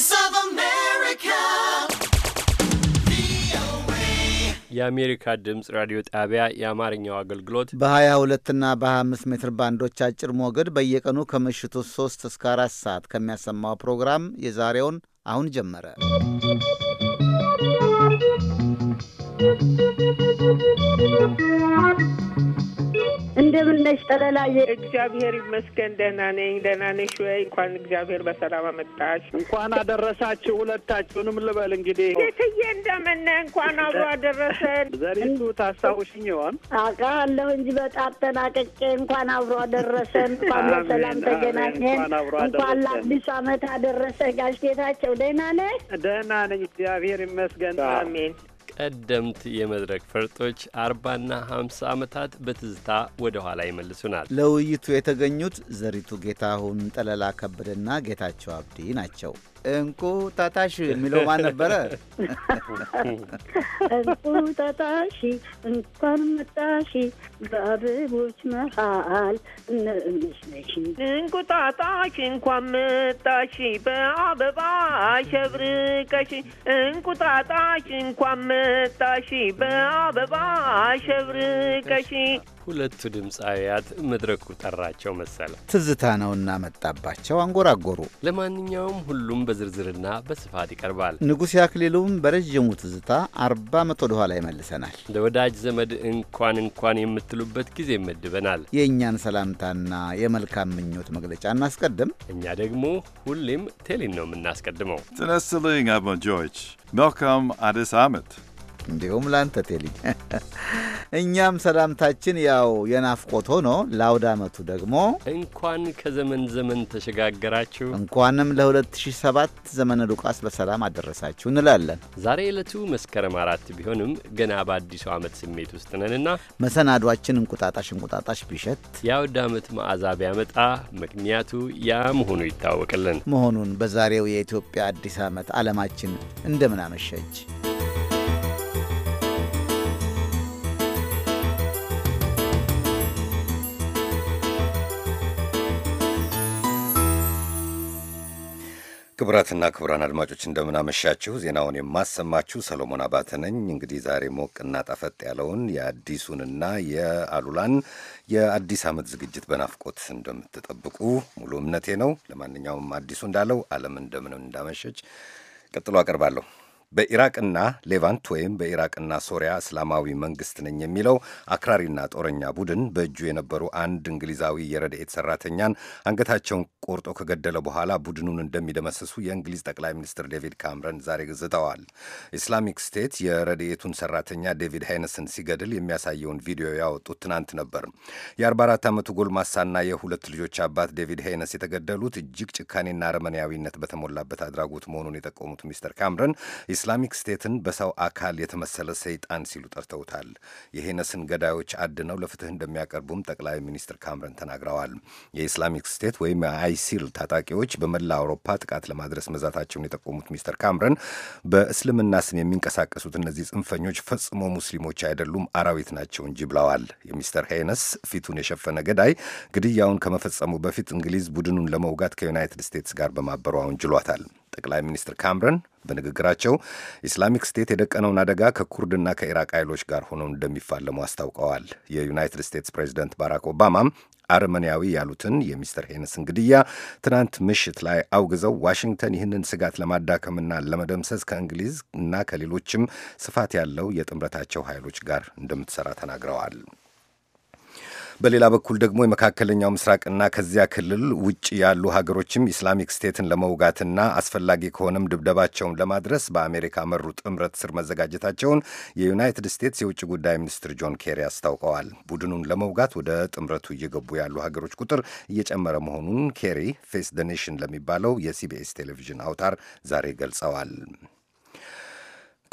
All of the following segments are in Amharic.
Voice of America. የአሜሪካ ድምፅ ራዲዮ ጣቢያ የአማርኛው አገልግሎት በ22 እና በ25 ሜትር ባንዶች አጭር ሞገድ በየቀኑ ከምሽቱ 3 እስከ 4 ሰዓት ከሚያሰማው ፕሮግራም የዛሬውን አሁን ጀመረ። ¶¶ እንደምን ነሽ ጠለላዬ? እግዚአብሔር ይመስገን ደህና ነኝ። ደህና ነሽ ወይ? እንኳን እግዚአብሔር በሰላም አመጣሽ። እንኳን አደረሳችሁ ሁለታችሁንም ልበል እንግዲህ። ጌትዬ እንደምን ነህ? እንኳን አብሮ አደረሰን። ዘሪቱ ታስታውሽኝ ይሆን? አውቃለሁ እንጂ በጣም ተናቀቄ። እንኳን አብሮ አደረሰን። እንኳን በሰላም ተገናኘን። እንኳን ለአዲስ አመት አደረሰ። ጋሽ ጌታቸው ደህና ነህ? ደህና ነኝ እግዚአብሔር ይመስገን። አሜን ቀደምት የመድረክ ፈርጦች አርባና ሀምሳ ዓመታት በትዝታ ወደ ኋላ ይመልሱናል። ለውይይቱ የተገኙት ዘሪቱ ጌታሁን፣ ጠለላ ከበደና ጌታቸው አብዲ ናቸው። እንቁ ታታሽ የሚለው ማን ነበረ? እንቁ ታታሽ እንኳን መጣሽ በአበቦች መሃል እንምሽነሽ እንቁ ታታሽ እንኳን መጣሽ በአበባ ሸብርቀሽ እንቁ ታታሽ እንኳን መጣሽ በአበባ ሸብርቀሽ ሁለቱ ድምፃውያት መድረኩ ጠራቸው መሰለ። ትዝታ ነው መጣባቸው፣ አንጎራጎሩ። ለማንኛውም ሁሉም በዝርዝርና በስፋት ይቀርባል። ንጉሴ አክሊሉም በረዥሙ ትዝታ አርባ ዓመት ወደ ይመልሰናል። ለወዳጅ ዘመድ እንኳን እንኳን የምትሉበት ጊዜ መድበናል። የእኛን ሰላምታና የመልካም ምኞት መግለጫ እናስቀድም። እኛ ደግሞ ሁሌም ቴሊን ነው የምናስቀድመው። ጥነስልኝ አድማጮች መልካም አዲስ አመት። እንዲሁም ለአንተ ቴልኝ። እኛም ሰላምታችን ያው የናፍቆት ሆኖ ለአውድ አመቱ ደግሞ እንኳን ከዘመን ዘመን ተሸጋገራችሁ እንኳንም ለ2007 ዘመነ ሉቃስ በሰላም አደረሳችሁ እንላለን። ዛሬ ዕለቱ መስከረም አራት ቢሆንም ገና በአዲሱ ዓመት ስሜት ውስጥ ነንና መሰናዷችን እንቁጣጣሽ እንቁጣጣሽ ቢሸት የአውድ ዓመት መዓዛ ቢያመጣ ምክንያቱ ያ መሆኑ ይታወቅልን መሆኑን በዛሬው የኢትዮጵያ አዲስ ዓመት ዓለማችን እንደምን አመሸች ክቡራትና ክቡራን አድማጮች እንደምናመሻችሁ። ዜናውን የማሰማችሁ ሰሎሞን አባተ ነኝ። እንግዲህ ዛሬ ሞቅና ጠፈጥ ያለውን የአዲሱንና የአሉላን የአዲስ ዓመት ዝግጅት በናፍቆት እንደምትጠብቁ ሙሉ እምነቴ ነው። ለማንኛውም አዲሱ እንዳለው ዓለም እንደምንም እንዳመሸች ቀጥሎ አቀርባለሁ። በኢራቅና ሌቫንት ወይም በኢራቅና ሶሪያ እስላማዊ መንግስት ነኝ የሚለው አክራሪና ጦረኛ ቡድን በእጁ የነበሩ አንድ እንግሊዛዊ የረድኤት ሰራተኛን አንገታቸውን ቆርጦ ከገደለ በኋላ ቡድኑን እንደሚደመስሱ የእንግሊዝ ጠቅላይ ሚኒስትር ዴቪድ ካምረን ዛሬ ግዝተዋል። ኢስላሚክ ስቴት የረድኤቱን ሰራተኛ ዴቪድ ሃይነስን ሲገድል የሚያሳየውን ቪዲዮ ያወጡት ትናንት ነበር። የ44 ዓመቱ ጎልማሳና የሁለት ልጆች አባት ዴቪድ ሃይነስ የተገደሉት እጅግ ጭካኔና አረመኔያዊነት በተሞላበት አድራጎት መሆኑን የጠቆሙት ሚስተር ካምረን ኢስላሚክ ስቴትን በሰው አካል የተመሰለ ሰይጣን ሲሉ ጠርተውታል። የሄነስን ገዳዮች አድነው ለፍትህ እንደሚያቀርቡም ጠቅላይ ሚኒስትር ካምረን ተናግረዋል። የኢስላሚክ ስቴት ወይም የአይሲል ታጣቂዎች በመላ አውሮፓ ጥቃት ለማድረስ መዛታቸውን የጠቆሙት ሚስተር ካምረን በእስልምና ስም የሚንቀሳቀሱት እነዚህ ጽንፈኞች ፈጽሞ ሙስሊሞች አይደሉም፣ አራዊት ናቸው እንጂ ብለዋል። የሚስተር ሄነስ ፊቱን የሸፈነ ገዳይ ግድያውን ከመፈጸሙ በፊት እንግሊዝ ቡድኑን ለመውጋት ከዩናይትድ ስቴትስ ጋር በማበሯ አውንጅሏታል። ጠቅላይ ሚኒስትር ካምረን በንግግራቸው ኢስላሚክ ስቴት የደቀነውን አደጋ ከኩርድና ከኢራቅ ኃይሎች ጋር ሆነው እንደሚፋለሙ አስታውቀዋል። የዩናይትድ ስቴትስ ፕሬዚደንት ባራክ ኦባማም አርመንያዊ ያሉትን የሚስተር ሄንስን ግድያ ትናንት ምሽት ላይ አውግዘው ዋሽንግተን ይህንን ስጋት ለማዳከምና ለመደምሰስ ከእንግሊዝ እና ከሌሎችም ስፋት ያለው የጥምረታቸው ኃይሎች ጋር እንደምትሰራ ተናግረዋል። በሌላ በኩል ደግሞ የመካከለኛው ምስራቅና ከዚያ ክልል ውጭ ያሉ ሀገሮችም ኢስላሚክ ስቴትን ለመውጋትና አስፈላጊ ከሆነም ድብደባቸውን ለማድረስ በአሜሪካ መሩ ጥምረት ስር መዘጋጀታቸውን የዩናይትድ ስቴትስ የውጭ ጉዳይ ሚኒስትር ጆን ኬሪ አስታውቀዋል። ቡድኑን ለመውጋት ወደ ጥምረቱ እየገቡ ያሉ ሀገሮች ቁጥር እየጨመረ መሆኑን ኬሪ ፌስ ደ ኔሽን ለሚባለው የሲቢኤስ ቴሌቪዥን አውታር ዛሬ ገልጸዋል።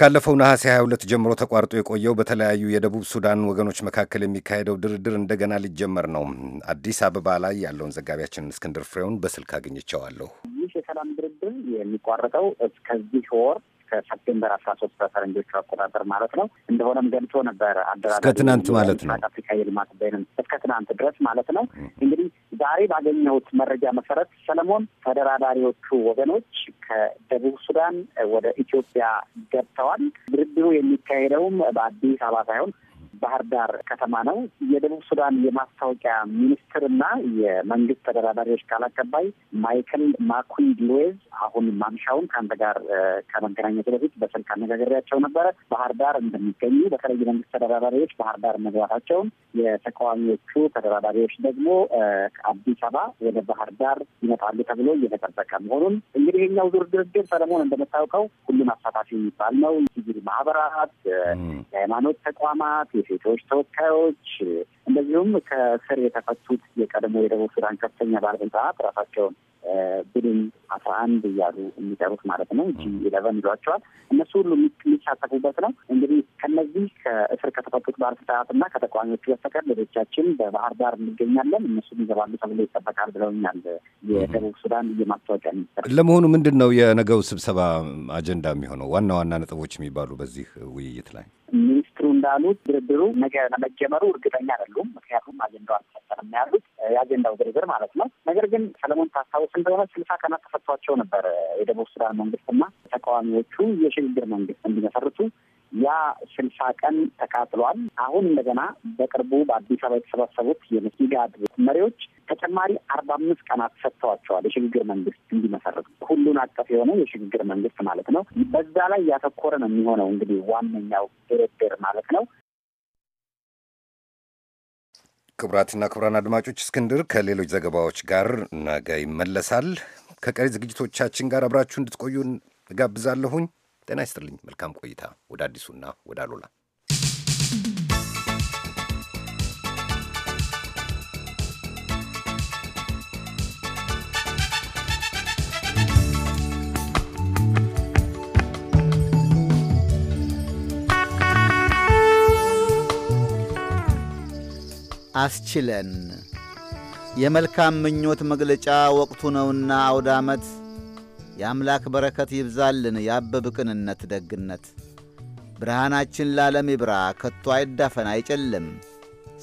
ካለፈው ነሐሴ 22 ጀምሮ ተቋርጦ የቆየው በተለያዩ የደቡብ ሱዳን ወገኖች መካከል የሚካሄደው ድርድር እንደገና ሊጀመር ነው። አዲስ አበባ ላይ ያለውን ዘጋቢያችን እስክንድር ፍሬውን በስልክ አግኝቸዋለሁ። ይህ የሰላም ድርድር የሚቋረጠው እስከዚህ ወር ከሰፕቴምበር አስራ ሶስት በፈረንጆቹ አቆጣጠር ማለት ነው እንደሆነም ገልጾ ነበር። እስከ ትናንት ማለት ነው አፍሪካ የልማት በይንም እስከ ትናንት ድረስ ማለት ነው። እንግዲህ ዛሬ ባገኘሁት መረጃ መሰረት ሰለሞን፣ ተደራዳሪዎቹ ወገኖች ከደቡብ ሱዳን ወደ ኢትዮጵያ ገብተዋል። ድርድሩ የሚካሄደውም በአዲስ አበባ ሳይሆን ባህር ዳር ከተማ ነው። የደቡብ ሱዳን የማስታወቂያ ሚኒስትርና የመንግስት ተደራዳሪዎች ቃል አቀባይ ማይክል ማኩን ሉዌዝ አሁን ማምሻውን ከአንተ ጋር ከመገናኘቱ በፊት በስልክ አነጋገሪያቸው ነበረ። ባህር ዳር እንደሚገኙ በተለይ የመንግስት ተደራዳሪዎች ባህር ዳር መግባታቸውን፣ የተቃዋሚዎቹ ተደራዳሪዎች ደግሞ ከአዲስ አበባ ወደ ባህር ዳር ይመጣሉ ተብሎ እየተጠበቀ መሆኑን እንግዲህ የኛው ዙር ድርድር ሰለሞን እንደምታውቀው ሁሉን አሳታፊ የሚባል ነው። ሲቪል ማህበራት፣ የሃይማኖት ተቋማት፣ የሴቶች ተወካዮች እንደዚሁም ከእስር የተፈቱት የቀድሞ የደቡብ ሱዳን ከፍተኛ ባለስልጣናት ራሳቸውን ቡድን አስራ አንድ እያሉ የሚጠሩት ማለት ነው። ጂ ኢለቨን ይሏቸዋል። እነሱ ሁሉ የሚሳተፉበት ነው። እንግዲህ ከነዚህ ከእስር ከተፈቱት ባለስልጣናት እና ከተቃዋሚዎቹ በስተቀር ሌሎቻችን በባህር ዳር እንገኛለን። እነሱ ይገባሉ ተብሎ ይጠበቃል ብለውኛል። የደቡብ ሱዳን የማስታወቂያ ሚኒስትር። ለመሆኑ ምንድን ነው የነገው ስብሰባ አጀንዳ የሚሆነው ዋና ዋና ነጥቦች የሚባሉ በዚህ ውይይት ላይ ሚኒስትሩ እንዳሉት ድርድሩ ነገ ለመጀመሩ እርግጠኛ አይደሉም። ምክንያቱም አጀንዳው አልተፈጠረም ያሉት የአጀንዳው ዝርዝር ማለት ነው። ነገር ግን ሰለሞን ታስታውስ እንደሆነ ስልሳ ቀናት ተሰጥቷቸው ነበር የደቡብ ሱዳን መንግስትና ተቃዋሚዎቹ የሽግግር መንግስት እንዲመሰርቱ። ያ ስልሳ ቀን ተቃጥሏል። አሁን እንደገና በቅርቡ በአዲስ አበባ የተሰባሰቡት የኢጋድ መሪዎች ተጨማሪ አርባ አምስት ቀናት ሰጥተዋቸዋል የሽግግር መንግስት እንዲመሰርቱ፣ ሁሉን አቀፍ የሆነ የሽግግር መንግስት ማለት ነው። በዛ ላይ ያተኮረ ነው የሚሆነው እንግዲህ ዋነኛው ድርድር ማለት ነው። ክቡራትና ክቡራን አድማጮች እስክንድር ከሌሎች ዘገባዎች ጋር ነገ ይመለሳል። ከቀሪ ዝግጅቶቻችን ጋር አብራችሁ እንድትቆዩ እጋብዛለሁኝ። ጤና ይስጥልኝ። መልካም ቆይታ። ወደ አዲሱና ወደ አሉላ አስችለን። የመልካም ምኞት መግለጫ ወቅቱ ነውና አውደ ዓመት የአምላክ በረከት ይብዛልን። የአበብቅንነት ደግነት ብርሃናችን ላለም ይብራ፣ ከቶ አይዳፈን አይጨልም።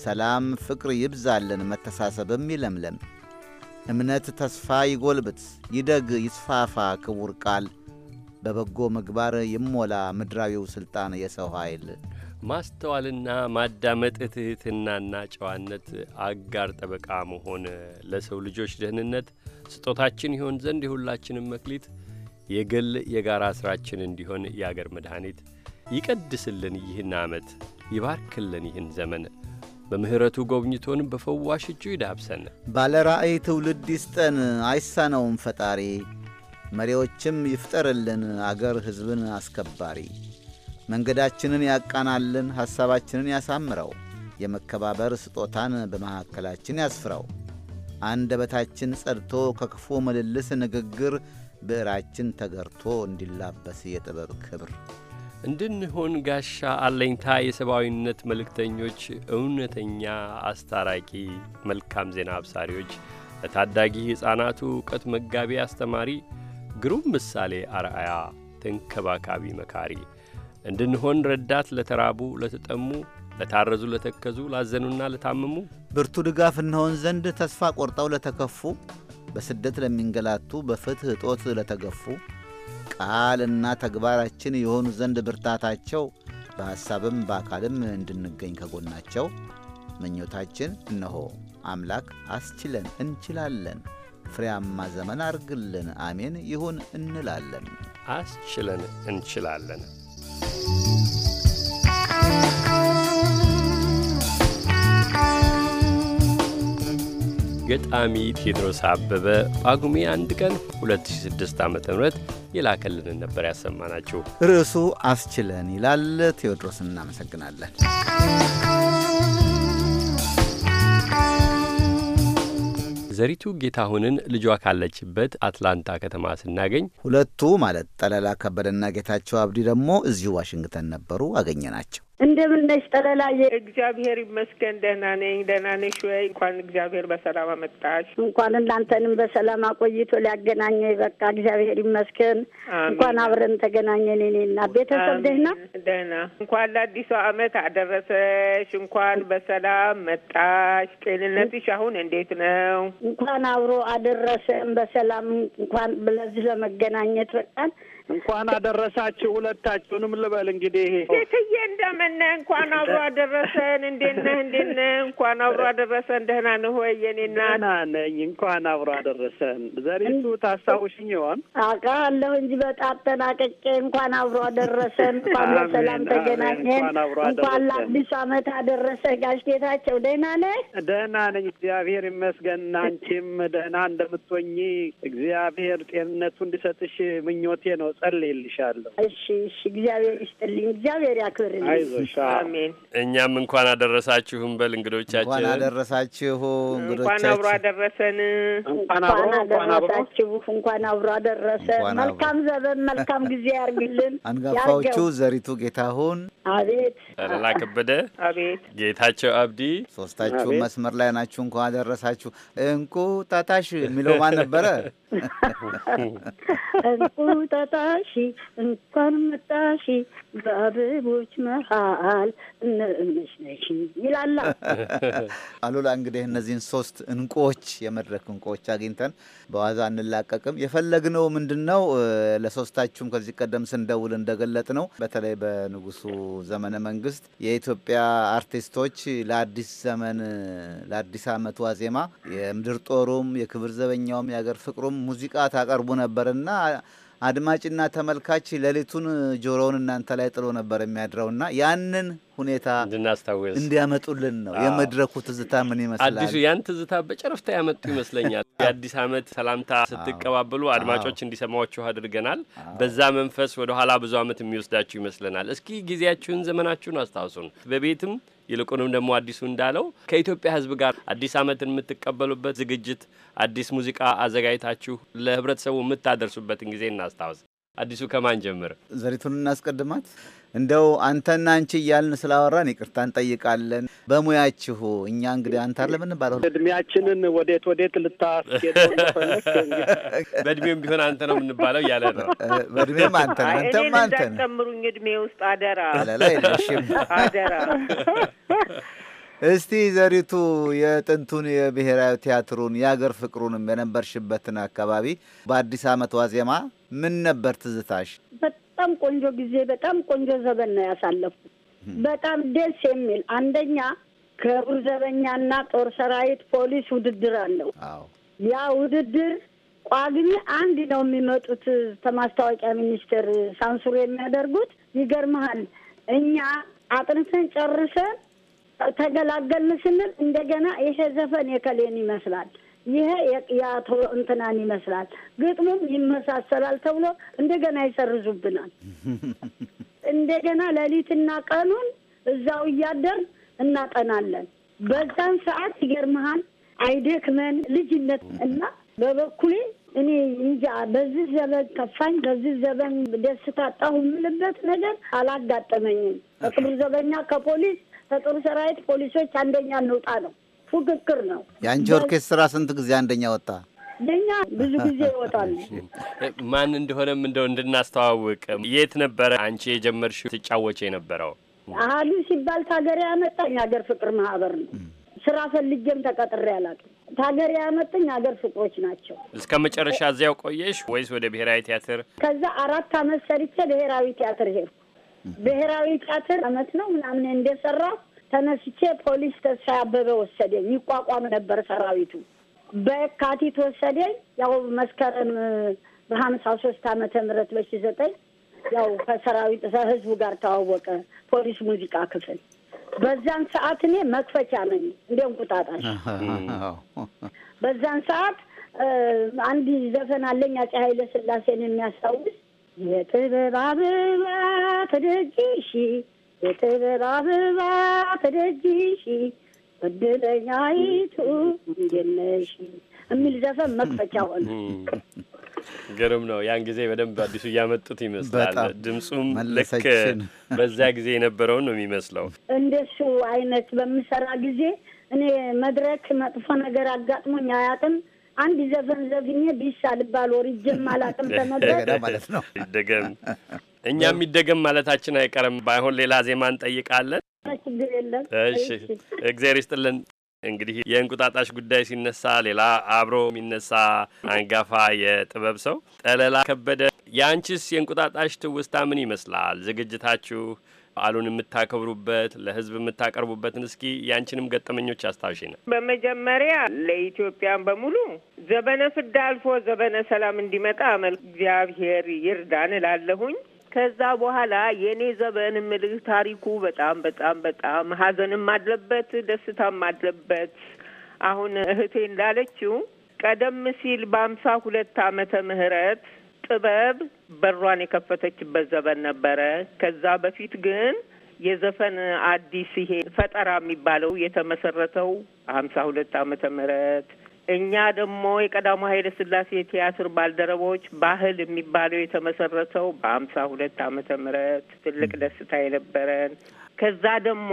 ሰላም ፍቅር ይብዛልን፣ መተሳሰብም ይለምለም። እምነት ተስፋ ይጎልብት፣ ይደግ፣ ይስፋፋ ክቡር ቃል በበጎ ምግባር ይሞላ ምድራዊው ሥልጣን የሰው ኃይል ማስተዋልና ማዳመጥ ትህትናና ጨዋነት አጋር ጠበቃ መሆን ለሰው ልጆች ደህንነት ስጦታችን ይሆን ዘንድ የሁላችንም መክሊት የግል የጋራ ስራችን እንዲሆን የአገር መድኃኒት ይቀድስልን ይህን ዓመት ይባርክልን ይህን ዘመን በምሕረቱ ጎብኝቶን በፈዋሽ እጁ ይዳብሰን። ባለ ራእይ ትውልድ ይስጠን አይሳነውም ፈጣሪ። መሪዎችም ይፍጠርልን አገር ሕዝብን አስከባሪ። መንገዳችንን ያቃናልን፣ ሐሳባችንን ያሳምረው፣ የመከባበር ስጦታን በመካከላችን ያስፍረው። አንደበታችን ጸድቶ ከክፉ ምልልስ ንግግር ብዕራችን ተገርቶ እንዲላበስ የጥበብ ክብር እንድንሆን ጋሻ አለኝታ፣ የሰብአዊነት መልእክተኞች፣ እውነተኛ አስታራቂ፣ መልካም ዜና አብሳሪዎች፣ ለታዳጊ ሕፃናቱ እውቀት መጋቢ አስተማሪ፣ ግሩም ምሳሌ አርአያ፣ ተንከባካቢ መካሪ እንድንሆን ረዳት ለተራቡ፣ ለተጠሙ፣ ለታረዙ፣ ለተከዙ፣ ላዘኑና ለታመሙ ብርቱ ድጋፍ እንሆን ዘንድ ተስፋ ቆርጠው ለተከፉ፣ በስደት ለሚንገላቱ፣ በፍትህ እጦት ለተገፉ ቃልና ተግባራችን የሆኑ ዘንድ ብርታታቸው በሐሳብም በአካልም እንድንገኝ ከጎናቸው ምኞታችን እነሆ። አምላክ አስችለን እንችላለን፣ ፍሬያማ ዘመን አርግልን፣ አሜን ይሁን እንላለን። አስችለን እንችላለን ገጣሚ ቴድሮስ አበበ ጳጉሜ አንድ ቀን 2006 ዓ ም የላከልንን ነበር ያሰማናችሁ። ርዕሱ አስችለን ይላል። ቴዎድሮስን እናመሰግናለን። ዘሪቱ ጌታሁንን ልጇ ካለችበት አትላንታ ከተማ ስናገኝ ሁለቱ ማለት ጠለላ ከበደና ጌታቸው አብዲ ደግሞ እዚሁ ዋሽንግተን ነበሩ። አገኘ ናቸው። እንደምን ነሽ ጠለላዬ? እግዚአብሔር ይመስገን ደህና ነኝ። ደህና ነሽ ወይ? እንኳን እግዚአብሔር በሰላም አመጣሽ። እንኳን እናንተንም በሰላም አቆይቶ ሊያገናኘ በቃ እግዚአብሔር ይመስገን። እንኳን አብረን ተገናኘን። እኔና ቤተሰብ ደህና ደህና። እንኳን ለአዲሱ አመት አደረሰሽ። እንኳን በሰላም መጣሽ። ጤንነትሽ አሁን እንዴት ነው? እንኳን አብሮ አደረሰን በሰላም እንኳን ለዚህ ለመገናኘት በቃን እንኳን አደረሳችሁ ሁለታችሁንም ልበል እንግዲህ። ሴትዬ እንደምን እንኳን አብሮ አደረሰን። እንዴት ነህ? እንዴት ነህ? እንኳን አብሮ አደረሰን። ደህና ነህ ወይ? የኔ እናት ደህና ነኝ። እንኳን አብሮ አደረሰን። ዘሪቱ ታስታውሽኝ ይሆን? አውቃለሁ እንጂ በጣም ተናቀቄ እንኳን አብሮ አደረሰን። እንኳን በሰላም ተገናኘን። እንኳን ለአዲስ አመት አደረሰ ጋሽ ጌታቸው። ደህና ነህ? ደህና ነኝ እግዚአብሔር ይመስገን። አንቺም ደህና እንደምትሆኚ እግዚአብሔር ጤንነቱ እንዲሰጥሽ ምኞቴ ነው። ጸልይልሻለሁ። እሺ እሺ። እግዚአብሔር ይስጥልኝ። እግዚአብሔር ያክብርልኝ። አይዞሽ። አሜን። እኛም እንኳን አደረሳችሁም በል እንግዶቻችን። እንኳን አደረሳችሁ እንግዶቻችን። አብሮ አደረሰን። እንኳን አደረሳችሁ። እንኳን አብሮ አደረሰ። መልካም ዘበን፣ መልካም ጊዜ ያርግልን። አንጋፋዎቹ ዘሪቱ ጌታሁን፣ አቤት ጠለላ ከበደ፣ አቤት ጌታቸው አብዲ፣ ሶስታችሁ መስመር ላይ ናችሁ። እንኳን አደረሳችሁ። እንቁ ጣጣሽ የሚለው ማን ነበረ? እንቁ ጣጣ መጣሺ እንኳን መጣሺ በአበቦች መሃል እነእምሽ ነሽ ይላላ። አሉላ እንግዲህ እነዚህን ሶስት እንቁዎች የመድረክ እንቁዎች አግኝተን በዋዛ አንላቀቅም። የፈለግነው ምንድን ነው? ለሶስታችሁም ከዚህ ቀደም ስንደውል እንደገለጥ ነው በተለይ በንጉሱ ዘመነ መንግስት የኢትዮጵያ አርቲስቶች ለአዲስ ዘመን ለአዲስ አመት ዋዜማ የምድር ጦሩም የክብር ዘበኛውም የአገር ፍቅሩም ሙዚቃ ታቀርቡ ነበርና አድማጭና ተመልካች ሌሊቱን ጆሮውን እናንተ ላይ ጥሎ ነበር የሚያድረውና ያንን ሁኔታ እንድናስታውስ እንዲያመጡልን ነው። የመድረኩ ትዝታ ምን ይመስላል? አዲሱ ያን ትዝታ በጨረፍታ ያመጡ ይመስለኛል። የአዲስ ዓመት ሰላምታ ስትቀባበሉ አድማጮች እንዲሰማችሁ አድርገናል። በዛ መንፈስ ወደ ኋላ ብዙ ዓመት የሚወስዳችሁ ይመስለናል። እስኪ ጊዜያችሁን፣ ዘመናችሁን አስታውሱን በቤትም ይልቁንም ደግሞ አዲሱ እንዳለው ከኢትዮጵያ ሕዝብ ጋር አዲስ ዓመትን የምትቀበሉበት ዝግጅት አዲስ ሙዚቃ አዘጋጅታችሁ ለህብረተሰቡ የምታደርሱበትን ጊዜ እናስታውስ። አዲሱ ከማን ጀምር? ዘሪቱን እናስቀድማት። እንደው አንተና አንቺ እያልን ስላወራን ይቅርታ እንጠይቃለን። በሙያችሁ እኛ እንግዲህ አንተ አለ ምን ባለ እድሜያችንን ወዴት ወዴት ልታስኬደ በእድሜም ቢሆን አንተ ነው የምንባለው እያለ ነው። በእድሜም አንተ ነው አንተም አንተ ነው። ጨምሩኝ እድሜ ውስጥ አደራ ላይ አደራ። እስቲ ዘሪቱ የጥንቱን የብሔራዊ ቲያትሩን የአገር ፍቅሩንም የነበርሽበትን አካባቢ በአዲስ ዓመት ዋዜማ ምን ነበር ትዝታሽ? በጣም ቆንጆ ጊዜ በጣም ቆንጆ ዘበን ነው ያሳለፍኩት። በጣም ደስ የሚል አንደኛ ክቡር ዘበኛና ጦር ሰራዊት ፖሊስ ውድድር አለው። ያ ውድድር ቋግሜ አንድ ነው የሚመጡት ከማስታወቂያ ሚኒስቴር ሳንሱር የሚያደርጉት ይገርመሃል። እኛ አጥንተን ጨርሰን ተገላገልን ስንል እንደገና ይሄ ዘፈን የከሌን ይመስላል ይሄ የአቶ እንትናን ይመስላል፣ ግጥሙም ይመሳሰላል ተብሎ እንደገና ይሰርዙብናል። እንደገና ሌሊትና ቀኑን እዛው እያደር እናጠናለን። በዛን ሰዓት ይገርመሃል አይደክመን ልጅነት እና በበኩሌ እኔ እንጃ በዚህ ዘበን ከፋኝ፣ በዚህ ዘበን ደስታ አጣሁ የምልበት ነገር አላጋጠመኝም። በክብር ዘበኛ ከፖሊስ ከጦር ሰራዊት ፖሊሶች አንደኛ እንውጣ ነው ፉክክር ነው። የአንቺ ኦርኬስትራ ስንት ጊዜ አንደኛ ወጣ? ለእኛ ብዙ ጊዜ ይወጣል። ማን እንደሆነም እንደው እንድናስተዋውቅ የት ነበረ አንቺ የጀመርሽው ትጫወች የነበረው? አህሉ ሲባል ታገሬ ያመጣኝ ሀገር ፍቅር ማህበር ነው። ስራ ፈልጌም ተቀጥሬ አላውቅም። ታገሬ ያመጣኝ ሀገር ፍቅሮች ናቸው። እስከ መጨረሻ እዚያው ቆየሽ ወይስ ወደ ብሔራዊ ቲያትር? ከዛ አራት አመት ሰርቼ ብሔራዊ ቲያትር ሄድኩ። ብሔራዊ ቲያትር አመት ነው ምናምን እንደሰራ ተነስቼ ፖሊስ ተስፋ አበበ ወሰደኝ። ይቋቋም ነበር ሰራዊቱ። በካቲት ወሰደኝ። ያው መስከረም በሀምሳ ሶስት አመተ ምህረት በሺ ዘጠኝ ያው ከሰራዊት ከህዝቡ ጋር ተዋወቀ ፖሊስ ሙዚቃ ክፍል። በዛን ሰዓት እኔ መክፈቻ ነኝ እንደ እንቁጣጣሽ። በዛን ሰዓት አንድ ዘፈን አለኝ አፄ ኃይለ ስላሴን የሚያስታውስ የጥበብ አበባ ተደጅሽ የጥብር አበባ ተደጅሽ እድለኛይቱ እንደነሽ የሚል ዘፈን መክፈቻ ሆነ። ግሩም ነው። ያን ጊዜ በደንብ አዲሱ እያመጡት ይመስላል። ድምፁም ልክ በዚያ ጊዜ የነበረውን ነው የሚመስለው። እንደሱ አይነት በምሰራ ጊዜ እኔ መድረክ መጥፎ ነገር አጋጥሞኝ አያትም። አንድ ዘፈን ዘፍኜ ቢሳ ልባል ወርጄም አላውቅም። ተመድረክ ማለት ነው ደገም እኛ የሚደገም ማለታችን አይቀርም። ባይሆን ሌላ ዜማ እንጠይቃለን። እሺ፣ እግዚአብሔር ይስጥልን። እንግዲህ የእንቁጣጣሽ ጉዳይ ሲነሳ ሌላ አብሮ የሚነሳ አንጋፋ የጥበብ ሰው ጠለላ ከበደ፣ የአንቺስ የእንቁጣጣሽ ትውስታ ምን ይመስላል? ዝግጅታችሁ በዓሉን የምታከብሩበት ለህዝብ የምታቀርቡበትን እስኪ ያንቺንም ገጠመኞች አስታውሽ ነው። በመጀመሪያ ለኢትዮጵያን በሙሉ ዘበነ ፍዳ አልፎ ዘበነ ሰላም እንዲመጣ አመል እግዚአብሔር ይርዳን እላለሁኝ። ከዛ በኋላ የእኔ ዘበን ምልህ ታሪኩ በጣም በጣም በጣም ሀዘንም አለበት፣ ደስታም አለበት። አሁን እህቴ እንዳለችው ቀደም ሲል በአምሳ ሁለት አመተ ምህረት ጥበብ በሯን የከፈተችበት ዘበን ነበረ። ከዛ በፊት ግን የዘፈን አዲስ ይሄ ፈጠራ የሚባለው የተመሰረተው ሀምሳ ሁለት አመተ ምህረት እኛ ደግሞ የቀዳማዊ ኃይለ ስላሴ ቲያትር ባልደረቦች ባህል የሚባለው የተመሰረተው በሀምሳ ሁለት ዓመተ ምህረት ትልቅ ደስታ የነበረን ከዛ ደግሞ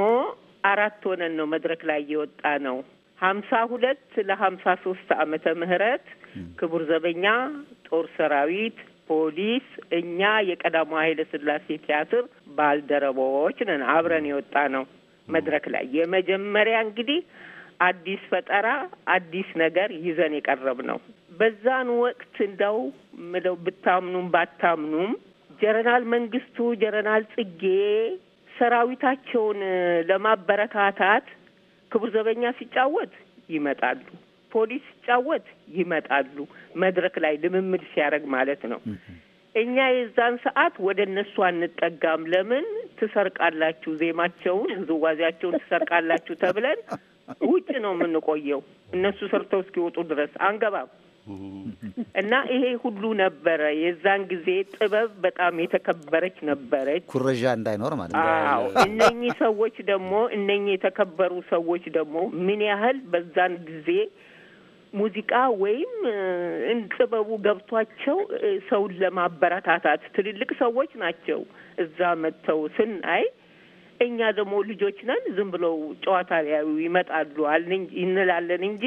አራት ሆነን ነው መድረክ ላይ የወጣ ነው። ሀምሳ ሁለት ለሀምሳ ሶስት ዓመተ ምህረት ክቡር ዘበኛ፣ ጦር ሰራዊት፣ ፖሊስ፣ እኛ የቀዳሙ ኃይለ ስላሴ ቲያትር ባልደረቦች ነን። አብረን የወጣ ነው መድረክ ላይ የመጀመሪያ እንግዲህ አዲስ ፈጠራ፣ አዲስ ነገር ይዘን የቀረብ ነው። በዛን ወቅት እንደው ምለው ብታምኑም ባታምኑም ጀነራል መንግስቱ፣ ጀነራል ጽጌ ሰራዊታቸውን ለማበረታታት ክቡር ዘበኛ ሲጫወት ይመጣሉ፣ ፖሊስ ሲጫወት ይመጣሉ። መድረክ ላይ ልምምድ ሲያደርግ ማለት ነው። እኛ የዛን ሰዓት ወደ እነሱ አንጠጋም። ለምን ትሰርቃላችሁ? ዜማቸውን፣ ውዝዋዜያቸውን ትሰርቃላችሁ ተብለን ውጭ ነው የምንቆየው እነሱ ሰርተው እስኪወጡ ድረስ አንገባም። እና ይሄ ሁሉ ነበረ። የዛን ጊዜ ጥበብ በጣም የተከበረች ነበረች። ኩረዣ እንዳይኖር ማለት ነው። እነኚህ ሰዎች ደግሞ እነኚህ የተከበሩ ሰዎች ደግሞ ምን ያህል በዛን ጊዜ ሙዚቃ ወይም ጥበቡ ገብቷቸው ሰውን ለማበረታታት ትልልቅ ሰዎች ናቸው። እዛ መጥተው ስናይ እኛ ደግሞ ልጆች ነን። ዝም ብለው ጨዋታ ሊያዩ ይመጣሉ እንላለን እንጂ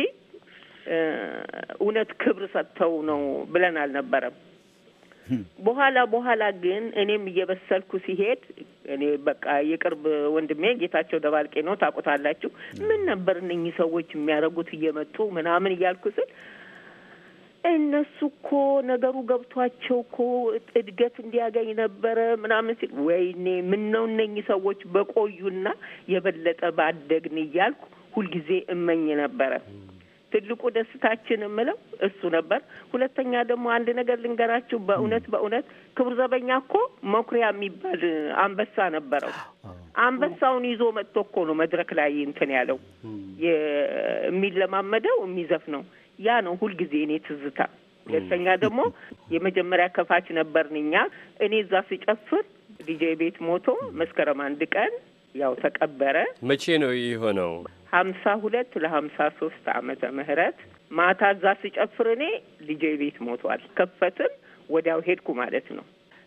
እውነት ክብር ሰጥተው ነው ብለን አልነበረም። በኋላ በኋላ ግን እኔም እየበሰልኩ ሲሄድ እኔ በቃ የቅርብ ወንድሜ ጌታቸው ደባልቄ ነው ታውቁታላችሁ። ምን ነበር እነኚህ ሰዎች የሚያደርጉት እየመጡ ምናምን እያልኩ ስል እነሱ እኮ ነገሩ ገብቷቸው እኮ እድገት እንዲያገኝ ነበረ ምናምን ሲል ወይኔ ምን ነው እነኚህ ሰዎች በቆዩና የበለጠ ባደግን እያልኩ ሁልጊዜ እመኝ ነበረ። ትልቁ ደስታችን የምለው እሱ ነበር። ሁለተኛ ደግሞ አንድ ነገር ልንገራችሁ፣ በእውነት በእውነት ክቡር ዘበኛ እኮ መኩሪያ የሚባል አንበሳ ነበረው። አንበሳውን ይዞ መጥቶ እኮ ነው መድረክ ላይ እንትን ያለው የሚለማመደው የሚዘፍ ነው ያ ነው ሁልጊዜ እኔ ትዝታ። ሁለተኛ ደግሞ የመጀመሪያ ከፋች ነበርን እኛ። እኔ እዛ ስጨፍር ዲጄ ቤት ሞቶ መስከረም አንድ ቀን ያው ተቀበረ። መቼ ነው የሆነው? ሀምሳ ሁለት ለሀምሳ ሶስት አመተ ምህረት ማታ እዛ ስጨፍር እኔ ልጄ ቤት ሞቷል። ከፈትም ወዲያው ሄድኩ ማለት ነው።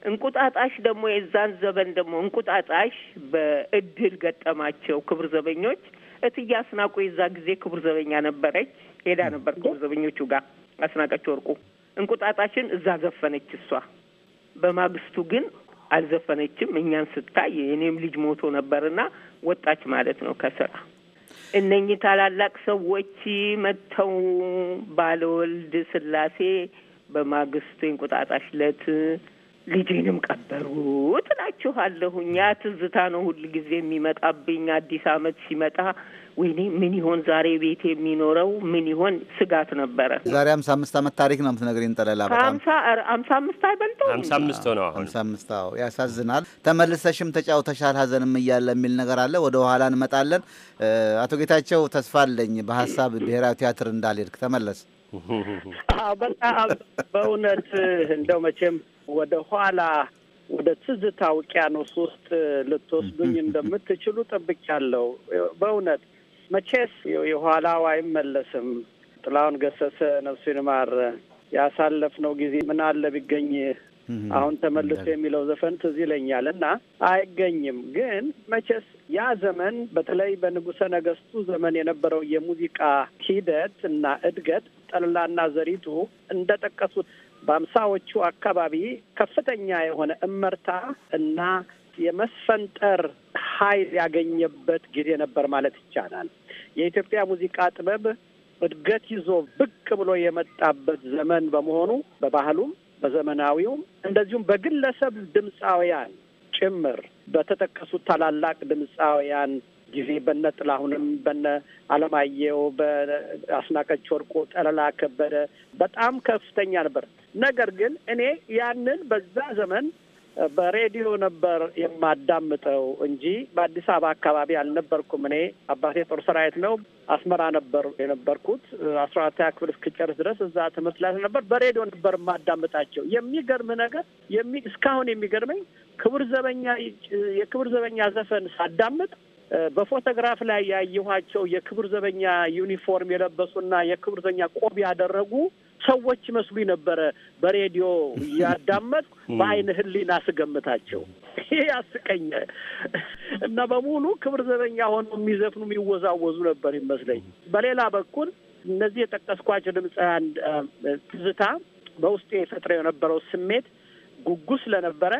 እንቁጣጣሽ ደግሞ የዛን ዘበን ደግሞ እንቁጣጣሽ በእድል ገጠማቸው ክብር ዘበኞች እትዬ አስናቁ የዛ ጊዜ ክቡር ዘበኛ ነበረች። ሄዳ ነበር ከዘበኞቹ ጋር አስናቀች ወርቁ እንቁጣጣችን እዛ ዘፈነች እሷ። በማግስቱ ግን አልዘፈነችም። እኛን ስታይ የእኔም ልጅ ሞቶ ነበርና ወጣች ማለት ነው ከስራ። እነኚህ ታላላቅ ሰዎች መጥተው ባለወልድ ስላሴ በማግስቱ የእንቁጣጣሽ ልጄንም ቀበሩት እላችኋለሁኝ። ያ ትዝታ ነው ሁል ጊዜ የሚመጣብኝ። አዲስ አመት ሲመጣ ወይኔ ምን ይሆን ዛሬ ቤት የሚኖረው ምን ይሆን ስጋት ነበረ። ዛሬ ሀምሳ አምስት ዓመት ታሪክ ነው የምትነግሪኝ። ጠለላ ሀምሳ አምስት አይበልጠው ሀምሳ አምስት ነው ሀምሳ አምስት ያሳዝናል። ተመልሰሽም ተጫውተሻል ሀዘንም እያለ የሚል ነገር አለ። ወደ ኋላ እንመጣለን። አቶ ጌታቸው ተስፋ አለኝ በሀሳብ ብሔራዊ ቲያትር እንዳልሄድክ ተመለስ። በጣም በእውነት እንደው መቼም ወደ ኋላ ወደ ትዝታ ውቅያኖስ ውስጥ ልትወስዱኝ እንደምትችሉ ጠብቂያለሁ። በእውነት መቼስ የኋላው አይመለስም። ጥላሁን ገሰሰ ነፍሱን ይማር። ያሳለፍነው ጊዜ ምን አለ ቢገኝ አሁን ተመልሶ የሚለው ዘፈን ትዝ ይለኛል እና አይገኝም። ግን መቼስ ያ ዘመን በተለይ በንጉሰ ነገስቱ ዘመን የነበረው የሙዚቃ ሂደት እና እድገት ጠላና ዘሪቱ ጠቀሱት በአምሳዎቹ አካባቢ ከፍተኛ የሆነ እመርታ እና የመስፈንጠር ኃይል ያገኘበት ጊዜ ነበር ማለት ይቻላል። የኢትዮጵያ ሙዚቃ ጥበብ እድገት ይዞ ብቅ ብሎ የመጣበት ዘመን በመሆኑ በባህሉም በዘመናዊውም እንደዚሁም በግለሰብ ድምፃውያን ጭምር በተጠቀሱት ታላላቅ ድምፃውያን ጊዜ በነ ጥላሁንም በነ አለማየሁ በአስናቀች ወርቁ፣ ጠለላ ከበደ በጣም ከፍተኛ ነበር። ነገር ግን እኔ ያንን በዛ ዘመን በሬዲዮ ነበር የማዳምጠው እንጂ በአዲስ አበባ አካባቢ አልነበርኩም። እኔ አባቴ ጦር ሰራዊት ነው፣ አስመራ ነበር የነበርኩት። አስራ አራተኛ ክፍል እስክጨርስ ድረስ እዛ ትምህርት ላይ ነበር። በሬዲዮ ነበር የማዳምጣቸው። የሚገርም ነገር እስካሁን የሚገርመኝ ክቡር ዘበኛ የክቡር ዘበኛ ዘፈን ሳዳምጥ በፎቶግራፍ ላይ ያየኋቸው የክቡር ዘበኛ ዩኒፎርም የለበሱና የክቡር ዘበኛ ቆብ ያደረጉ ሰዎች ይመስሉ ነበረ። በሬዲዮ ያዳመጥኩ በአይን ህሊና ስገምታቸው ይሄ ያስቀኘ እና በሙሉ ክብር ዘበኛ ሆነው የሚዘፍኑ የሚወዛወዙ ነበር ይመስለኝ። በሌላ በኩል እነዚህ የጠቀስኳቸው ድምፃውያን ትዝታ በውስጤ የፈጥረው የነበረው ስሜት ጉጉ ስለነበረ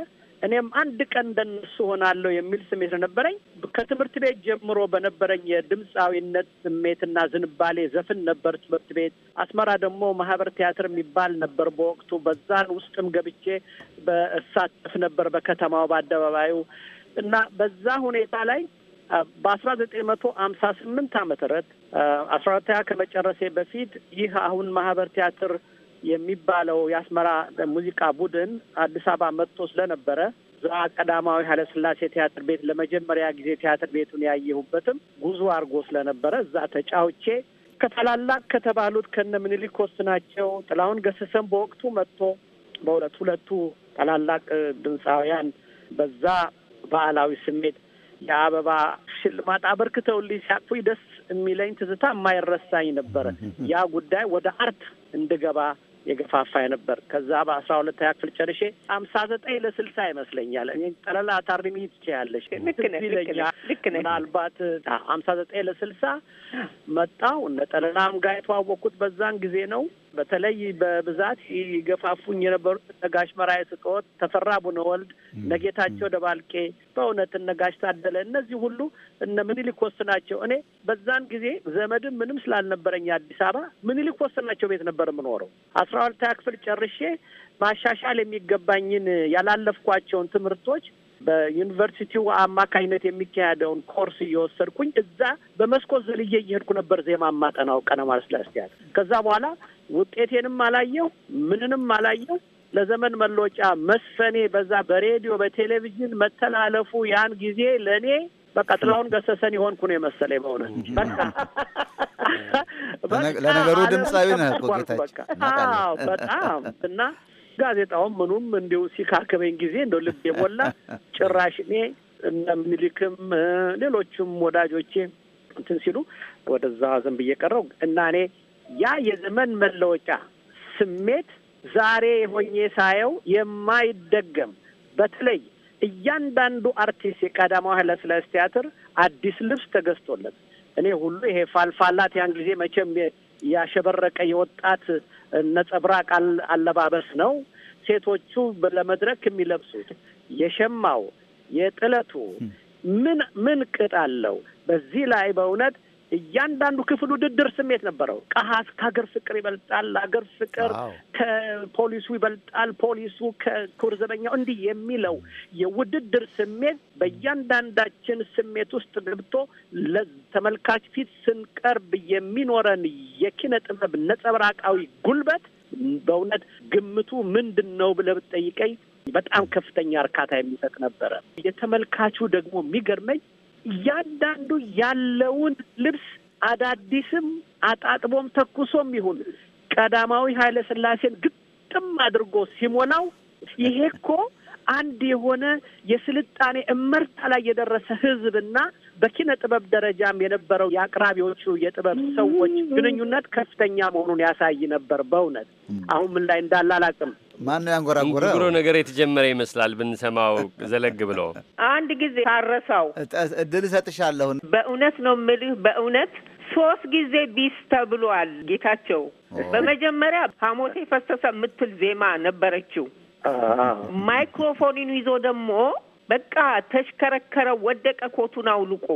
እኔም አንድ ቀን እንደነሱ ሆናለሁ የሚል ስሜት ነበረኝ። ከትምህርት ቤት ጀምሮ በነበረኝ የድምፃዊነት ስሜትና ዝንባሌ ዘፍን ነበር ትምህርት ቤት። አስመራ ደግሞ ማህበር ቲያትር የሚባል ነበር በወቅቱ። በዛን ውስጥም ገብቼ በእሳተፍ ነበር በከተማው በአደባባዩ እና በዛ ሁኔታ ላይ በአስራ ዘጠኝ መቶ አምሳ ስምንት ዓመተ ምህረት አስራ ሁለተኛ ከመጨረሴ በፊት ይህ አሁን ማህበር ቲያትር የሚባለው የአስመራ ሙዚቃ ቡድን አዲስ አበባ መጥቶ ስለነበረ እዛ ቀዳማዊ ኃይለሥላሴ ቲያትር ቤት ለመጀመሪያ ጊዜ ቲያትር ቤቱን ያየሁበትም ጉዞ አድርጎ ስለነበረ እዛ ተጫውቼ ከታላላቅ ከተባሉት ከነ ምኒልክ ናቸው ጥላሁን ገሰሰን በወቅቱ መጥቶ በሁለት ሁለቱ ታላላቅ ድምፃውያን በዛ ባህላዊ ስሜት የአበባ ሽልማት አበርክተውልኝ ሲያቅፉኝ ደስ የሚለኝ ትዝታ የማይረሳኝ ነበረ። ያ ጉዳይ ወደ አርት እንድገባ የገፋፋ ነበር። ከዛ በአስራ ሁለተኛ ክፍል ጨርሼ አምሳ ዘጠኝ ለስልሳ ይመስለኛል ጠለላ ታርሚ ትችያለሽ ይለኛል። ምናልባት አምሳ ዘጠኝ ለስልሳ መጣው እነ ጠለላም ጋር የተዋወቅኩት በዛን ጊዜ ነው። በተለይ በብዛት ይገፋፉኝ የነበሩት ነጋሽ መራይ ስጦት፣ ተፈራ ቡነወልድ፣ ነጌታቸው ደባልቄ፣ በእውነት ነጋሽ ታደለ እነዚህ ሁሉ እነ ምኒልክ ወስናቸው። እኔ በዛን ጊዜ ዘመድም ምንም ስላልነበረኝ አዲስ አበባ ምኒልክ ወስናቸው ቤት ነበር የምኖረው። አስራ ሁለተኛ ክፍል ጨርሼ ማሻሻል የሚገባኝን ያላለፍኳቸውን ትምህርቶች በዩኒቨርሲቲው አማካኝነት የሚካሄደውን ኮርስ እየወሰድኩኝ እዛ በመስኮት ዘልዬ እየሄድኩ ነበር ዜማ ማጠናው ቀነማል ስላሴ ከዛ በኋላ ውጤቴንም አላየው ምንንም አላየው ለዘመን መለወጫ መስፈኔ በዛ በሬዲዮ በቴሌቪዥን መተላለፉ ያን ጊዜ ለእኔ በቃ ጥላሁን ገሰሰን የሆንኩ ነው የመሰለኝ በእውነት ለነገሩ ድምፃዊ ነህ እኮ በጣም እና ጋዜጣውም ምኑም እንዲሁ ሲካከበኝ ጊዜ እንደው ልብ የሞላ ጭራሽ እኔ እነ ምኒልክም ሌሎቹም ወዳጆቼ እንትን ሲሉ ወደዛ ዘንብ እየቀረው እና እኔ ያ የዘመን መለወጫ ስሜት ዛሬ ሆኜ ሳየው የማይደገም በተለይ እያንዳንዱ አርቲስት የቀዳማዊ ኃይለሥላሴ ቲያትር አዲስ ልብስ ተገዝቶለት እኔ ሁሉ ይሄ ፋልፋላት ያን ጊዜ መቼም ያሸበረቀ የወጣት ነጸብራቅ አለባበስ ነው። ሴቶቹ ለመድረክ የሚለብሱት የሸማው የጥለቱ ምን ምን ቅጥ አለው። በዚህ ላይ በእውነት እያንዳንዱ ክፍል ውድድር ስሜት ነበረው። ቀሀስ ከሀገር ፍቅር ይበልጣል፣ ሀገር ፍቅር ከፖሊሱ ይበልጣል፣ ፖሊሱ ከክብር ዘበኛው እንዲህ የሚለው የውድድር ስሜት በእያንዳንዳችን ስሜት ውስጥ ገብቶ ለተመልካች ፊት ስንቀርብ የሚኖረን የኪነ ጥበብ ነጸብራቃዊ ጉልበት በእውነት ግምቱ ምንድን ነው ብለህ ብትጠይቀኝ በጣም ከፍተኛ እርካታ የሚሰጥ ነበረ። የተመልካቹ ደግሞ የሚገርመኝ እያንዳንዱ ያለውን ልብስ አዳዲስም አጣጥቦም ተኩሶም ይሁን ቀዳማዊ ኃይለ ሥላሴን ግጥም አድርጎ ሲሞላው ይሄ እኮ አንድ የሆነ የስልጣኔ እመርታ ላይ የደረሰ ህዝብና በኪነ ጥበብ ደረጃም የነበረው የአቅራቢዎቹ የጥበብ ሰዎች ግንኙነት ከፍተኛ መሆኑን ያሳይ ነበር። በእውነት አሁን ምን ላይ እንዳለ አላውቅም። ማነው ያንጎራጎረ ጉሮ ነገር የተጀመረ ይመስላል። ብንሰማው ዘለግ ብሎ አንድ ጊዜ ታረሳው እድል እሰጥሻለሁ። በእውነት ነው የምልህ በእውነት ሶስት ጊዜ ቢስ ተብሏል። ጌታቸው በመጀመሪያ ሐሞቴ ፈሰሰ የምትል ዜማ ነበረችው። ማይክሮፎኑን ይዞ ደግሞ በቃ ተሽከረከረ፣ ወደቀ ኮቱን አውልቆ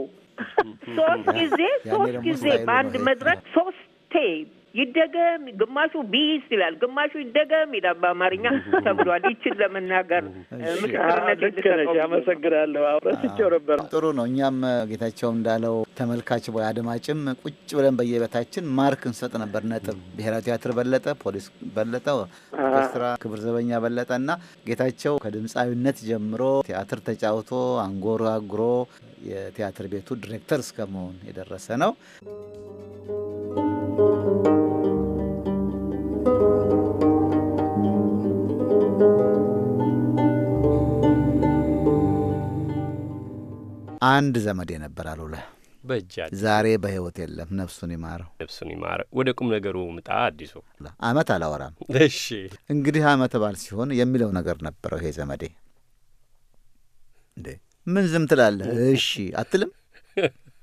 ሶስት ጊዜ ሶስት ጊዜ በአንድ መድረክ ሶስቴ ይደገም ግማሹ ቢስ ይላል፣ ግማሹ ይደገም ይላል። በአማርኛ ተብሏል። ይችን ለመናገር ምስክርነት አመሰግናለሁ። አውረስቸው ነበር። ጥሩ ነው። እኛም ጌታቸው እንዳለው ተመልካች ወይ አድማጭም ቁጭ ብለን በየቤታችን ማርክ እንሰጥ ነበር ነጥብ። ብሔራዊ ቲያትር በለጠ፣ ፖሊስ በለጠ፣ ኦርኬስትራ ክብር ዘበኛ በለጠ እና ጌታቸው ከድምፃዊነት ጀምሮ ቲያትር ተጫውቶ አጉሮ የቲያትር ቤቱ ዲሬክተር እስከመሆን የደረሰ ነው። አንድ ዘመድ የነበር አልለ በእጃ ዛሬ በህይወት የለም። ነፍሱን ይማረው፣ ነፍሱን ይማረው። ወደ ቁም ነገሩ ምጣ። አዲሱ አመት አላወራም። እሺ እንግዲህ አመት በዓል ሲሆን የሚለው ነገር ነበረው ይሄ ዘመዴ። እንዴ ምን ዝም ትላለህ? እሺ አትልም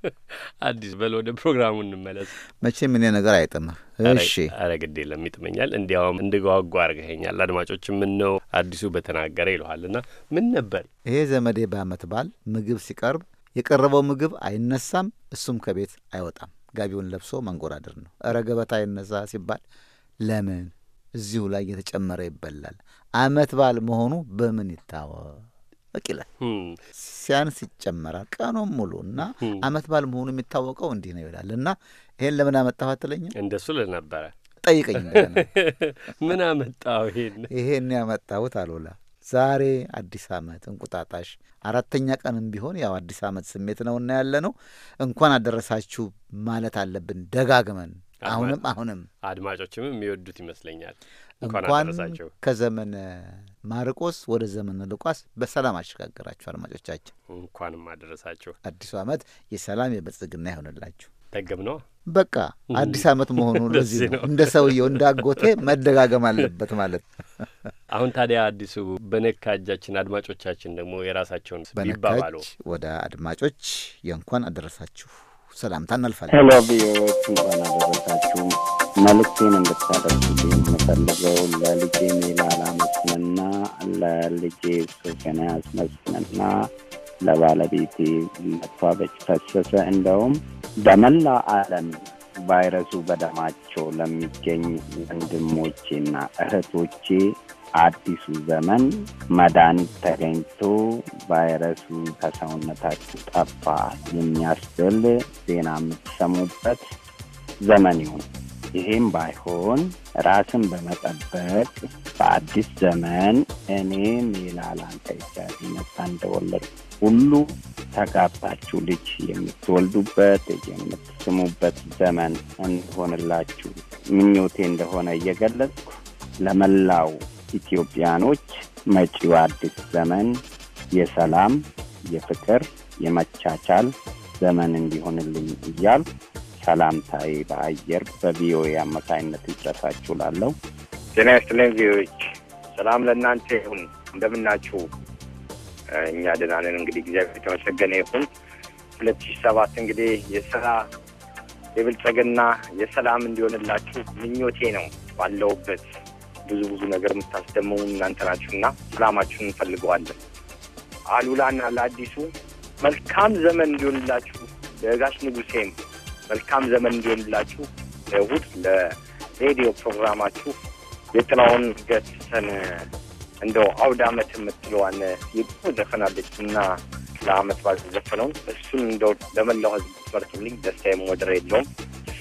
አዲስ በል ወደ ፕሮግራሙ እንመለስ። መቼም እኔ ነገር አይጥምህ። እሺ፣ አረ ግድ የለም ይጥመኛል። እንዲያውም እንድጓጓ አርገኸኛል። አድማጮች ምን ነው አዲሱ በተናገረ ና ምን ነበር ይሄ ዘመዴ በአመት በዓል ምግብ ሲቀርብ የቀረበው ምግብ አይነሳም፣ እሱም ከቤት አይወጣም። ጋቢውን ለብሶ መንጎራደር ነው። ኧረ ገበታ አይነሳ ሲባል ለምን እዚሁ ላይ የተጨመረ ይበላል? አመት በዓል መሆኑ በምን ይታወቅ? በቂ ይላል። ሲያንስ ይጨመራል ቀኑም ሙሉ እና አመት በዓል መሆኑ የሚታወቀው እንዲህ ነው ይላል እና ይሄን ለምን አመጣሁ አትለኝም? እንደሱ ልነበረ ጠይቀኝ ምን አመጣሁ ይሄን ይሄን ያመጣሁት አሉላ ዛሬ አዲስ አመት እንቁጣጣሽ አራተኛ ቀንም ቢሆን ያው አዲስ አመት ስሜት ነውና ያለ ነው። እንኳን አደረሳችሁ ማለት አለብን ደጋግመን አሁንም አሁንም አድማጮችም የሚወዱት ይመስለኛል። እንኳን ከዘመን ማርቆስ ወደ ዘመነ ሉቃስ በሰላም አሸጋግራችሁ አድማጮቻችን እንኳንም አደረሳችሁ። አዲሱ ዓመት የሰላም የብልጽግና ይሆንላችሁ። ጠገብ ነው። በቃ አዲስ ዓመት መሆኑ ለዚህ ነው። እንደ ሰውየው እንደ አጎቴ መደጋገም አለበት ማለት አሁን ታዲያ አዲሱ በነካ እጃችን አድማጮቻችን ደግሞ የራሳቸውን ቢባባሉ ወደ አድማጮች የእንኳን አደረሳችሁ ሰላምታ እናልፋለን። ሎ ቪዎች እንኳን አደረሳችሁም። መልክቴን እንድታደርጉልኝ የምፈልገው ለልጄ ሜላላ መስፍንና ለልጄ ሶገና መስፍንና ለባለቤቴ መቷበች ፈሰሰ እንደውም በመላ ዓለም ቫይረሱ በደማቸው ለሚገኝ ወንድሞቼና እህቶቼ አዲሱ ዘመን መዳን ተገኝቶ ቫይረሱ ከሰውነታችሁ ጠፋ የሚያስብል ዜና የምትሰሙበት ዘመን ይሁን። ይህም ባይሆን ራስን በመጠበቅ በአዲስ ዘመን እኔ ሌላ ላንተ እግዚአብሔር እንደወለድ ሁሉ ተጋብታችሁ ልጅ የምትወልዱበት የምትስሙበት ዘመን እንዲሆንላችሁ ምኞቴ እንደሆነ እየገለጽኩ ለመላው ኢትዮጵያኖች መጪው አዲስ ዘመን የሰላም፣ የፍቅር፣ የመቻቻል ዘመን እንዲሆንልኝ እያል ሰላምታዬ በአየር በቪኦኤ አማካኝነት ይድረሳችሁ። ላለው ጤና ይስጥልኝ ቪኦኤዎች፣ ሰላም ለእናንተ ይሁን። እንደምናችሁ? እኛ ደህና ነን። እንግዲህ እግዚአብሔር የተመሰገነ ይሁን። ሁለት ሺህ ሰባት እንግዲህ የስራ የብልጽግና የሰላም እንዲሆንላችሁ ምኞቴ ነው ባለውበት ብዙ ብዙ ነገር የምታስደመሙን እናንተ ናችሁ እና ሰላማችሁን እንፈልገዋለን። አሉላና ለአዲሱ መልካም ዘመን እንዲሆንላችሁ፣ ለጋሽ ንጉሴም መልካም ዘመን እንዲሆንላችሁ። ለእሑድ ለሬዲዮ ፕሮግራማችሁ የጥላውን ገሰን እንደው አውደ ዓመት የምትለዋን የድሮ ዘፈናለች እና ለአመት ባል ዘፈነውን እሱን እንደው ለመላው ህዝብ ትመርትልኝ። ደስታ የመወደር የለውም።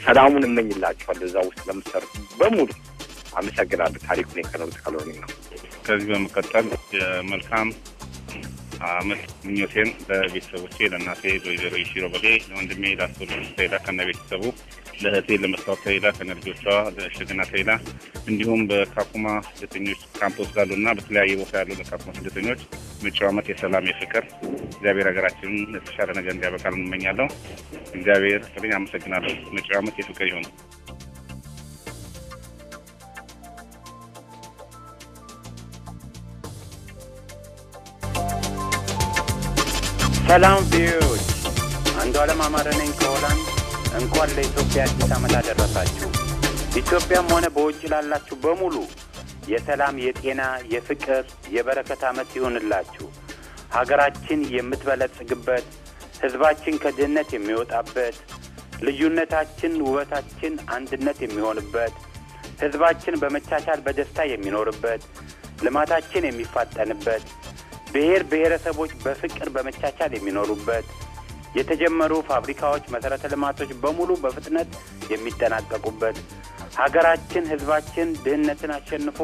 ሰላሙን እመኝላችኋለሁ እዛ ውስጥ ለምሰሩ በሙሉ አመሰግናለሁ። ታሪኩ ኔ ከነው ተቀሎኒ ነው። ከዚህ በመቀጠል የመልካም አመት ምኞቴን ለቤተሰቦቼ ለእናቴ ለወይዘሮ ይሽሮ በሌ፣ ለወንድሜ ለአስቶሎች ተይላ ከነ ቤተሰቡ፣ ለእህቴ ለመስታወት ተይላ ከነ ልጆቿ ለሸገና ተይላ እንዲሁም በካኩማ ስደተኞች ካምፖስ ላሉና በተለያየ ቦታ ያሉ ለካኩማ ስደተኞች መጪው አመት የሰላም የፍቅር እግዚአብሔር ሀገራችንን የተሻለ ነገር እንዲያበቃል እንመኛለሁ። እግዚአብሔር ስጥልኝ። አመሰግናለሁ። መጪው አመት የፍቅር ይሆነ። ሰላም ቪዎች አንዱ ዓለም አማረ ነኝ ከሆላንድ። እንኳን ለኢትዮጵያ አዲስ ዓመት አደረሳችሁ። ኢትዮጵያም ሆነ በውጭ ላላችሁ በሙሉ የሰላም፣ የጤና፣ የፍቅር፣ የበረከት ዓመት ይሆንላችሁ። ሀገራችን የምትበለጽግበት፣ ሕዝባችን ከድህነት የሚወጣበት፣ ልዩነታችን ውበታችን አንድነት የሚሆንበት፣ ሕዝባችን በመቻቻል በደስታ የሚኖርበት፣ ልማታችን የሚፋጠንበት ብሔር ብሔረሰቦች በፍቅር በመቻቻል የሚኖሩበት የተጀመሩ ፋብሪካዎች፣ መሰረተ ልማቶች በሙሉ በፍጥነት የሚጠናቀቁበት ሀገራችን ህዝባችን ድህነትን አሸንፎ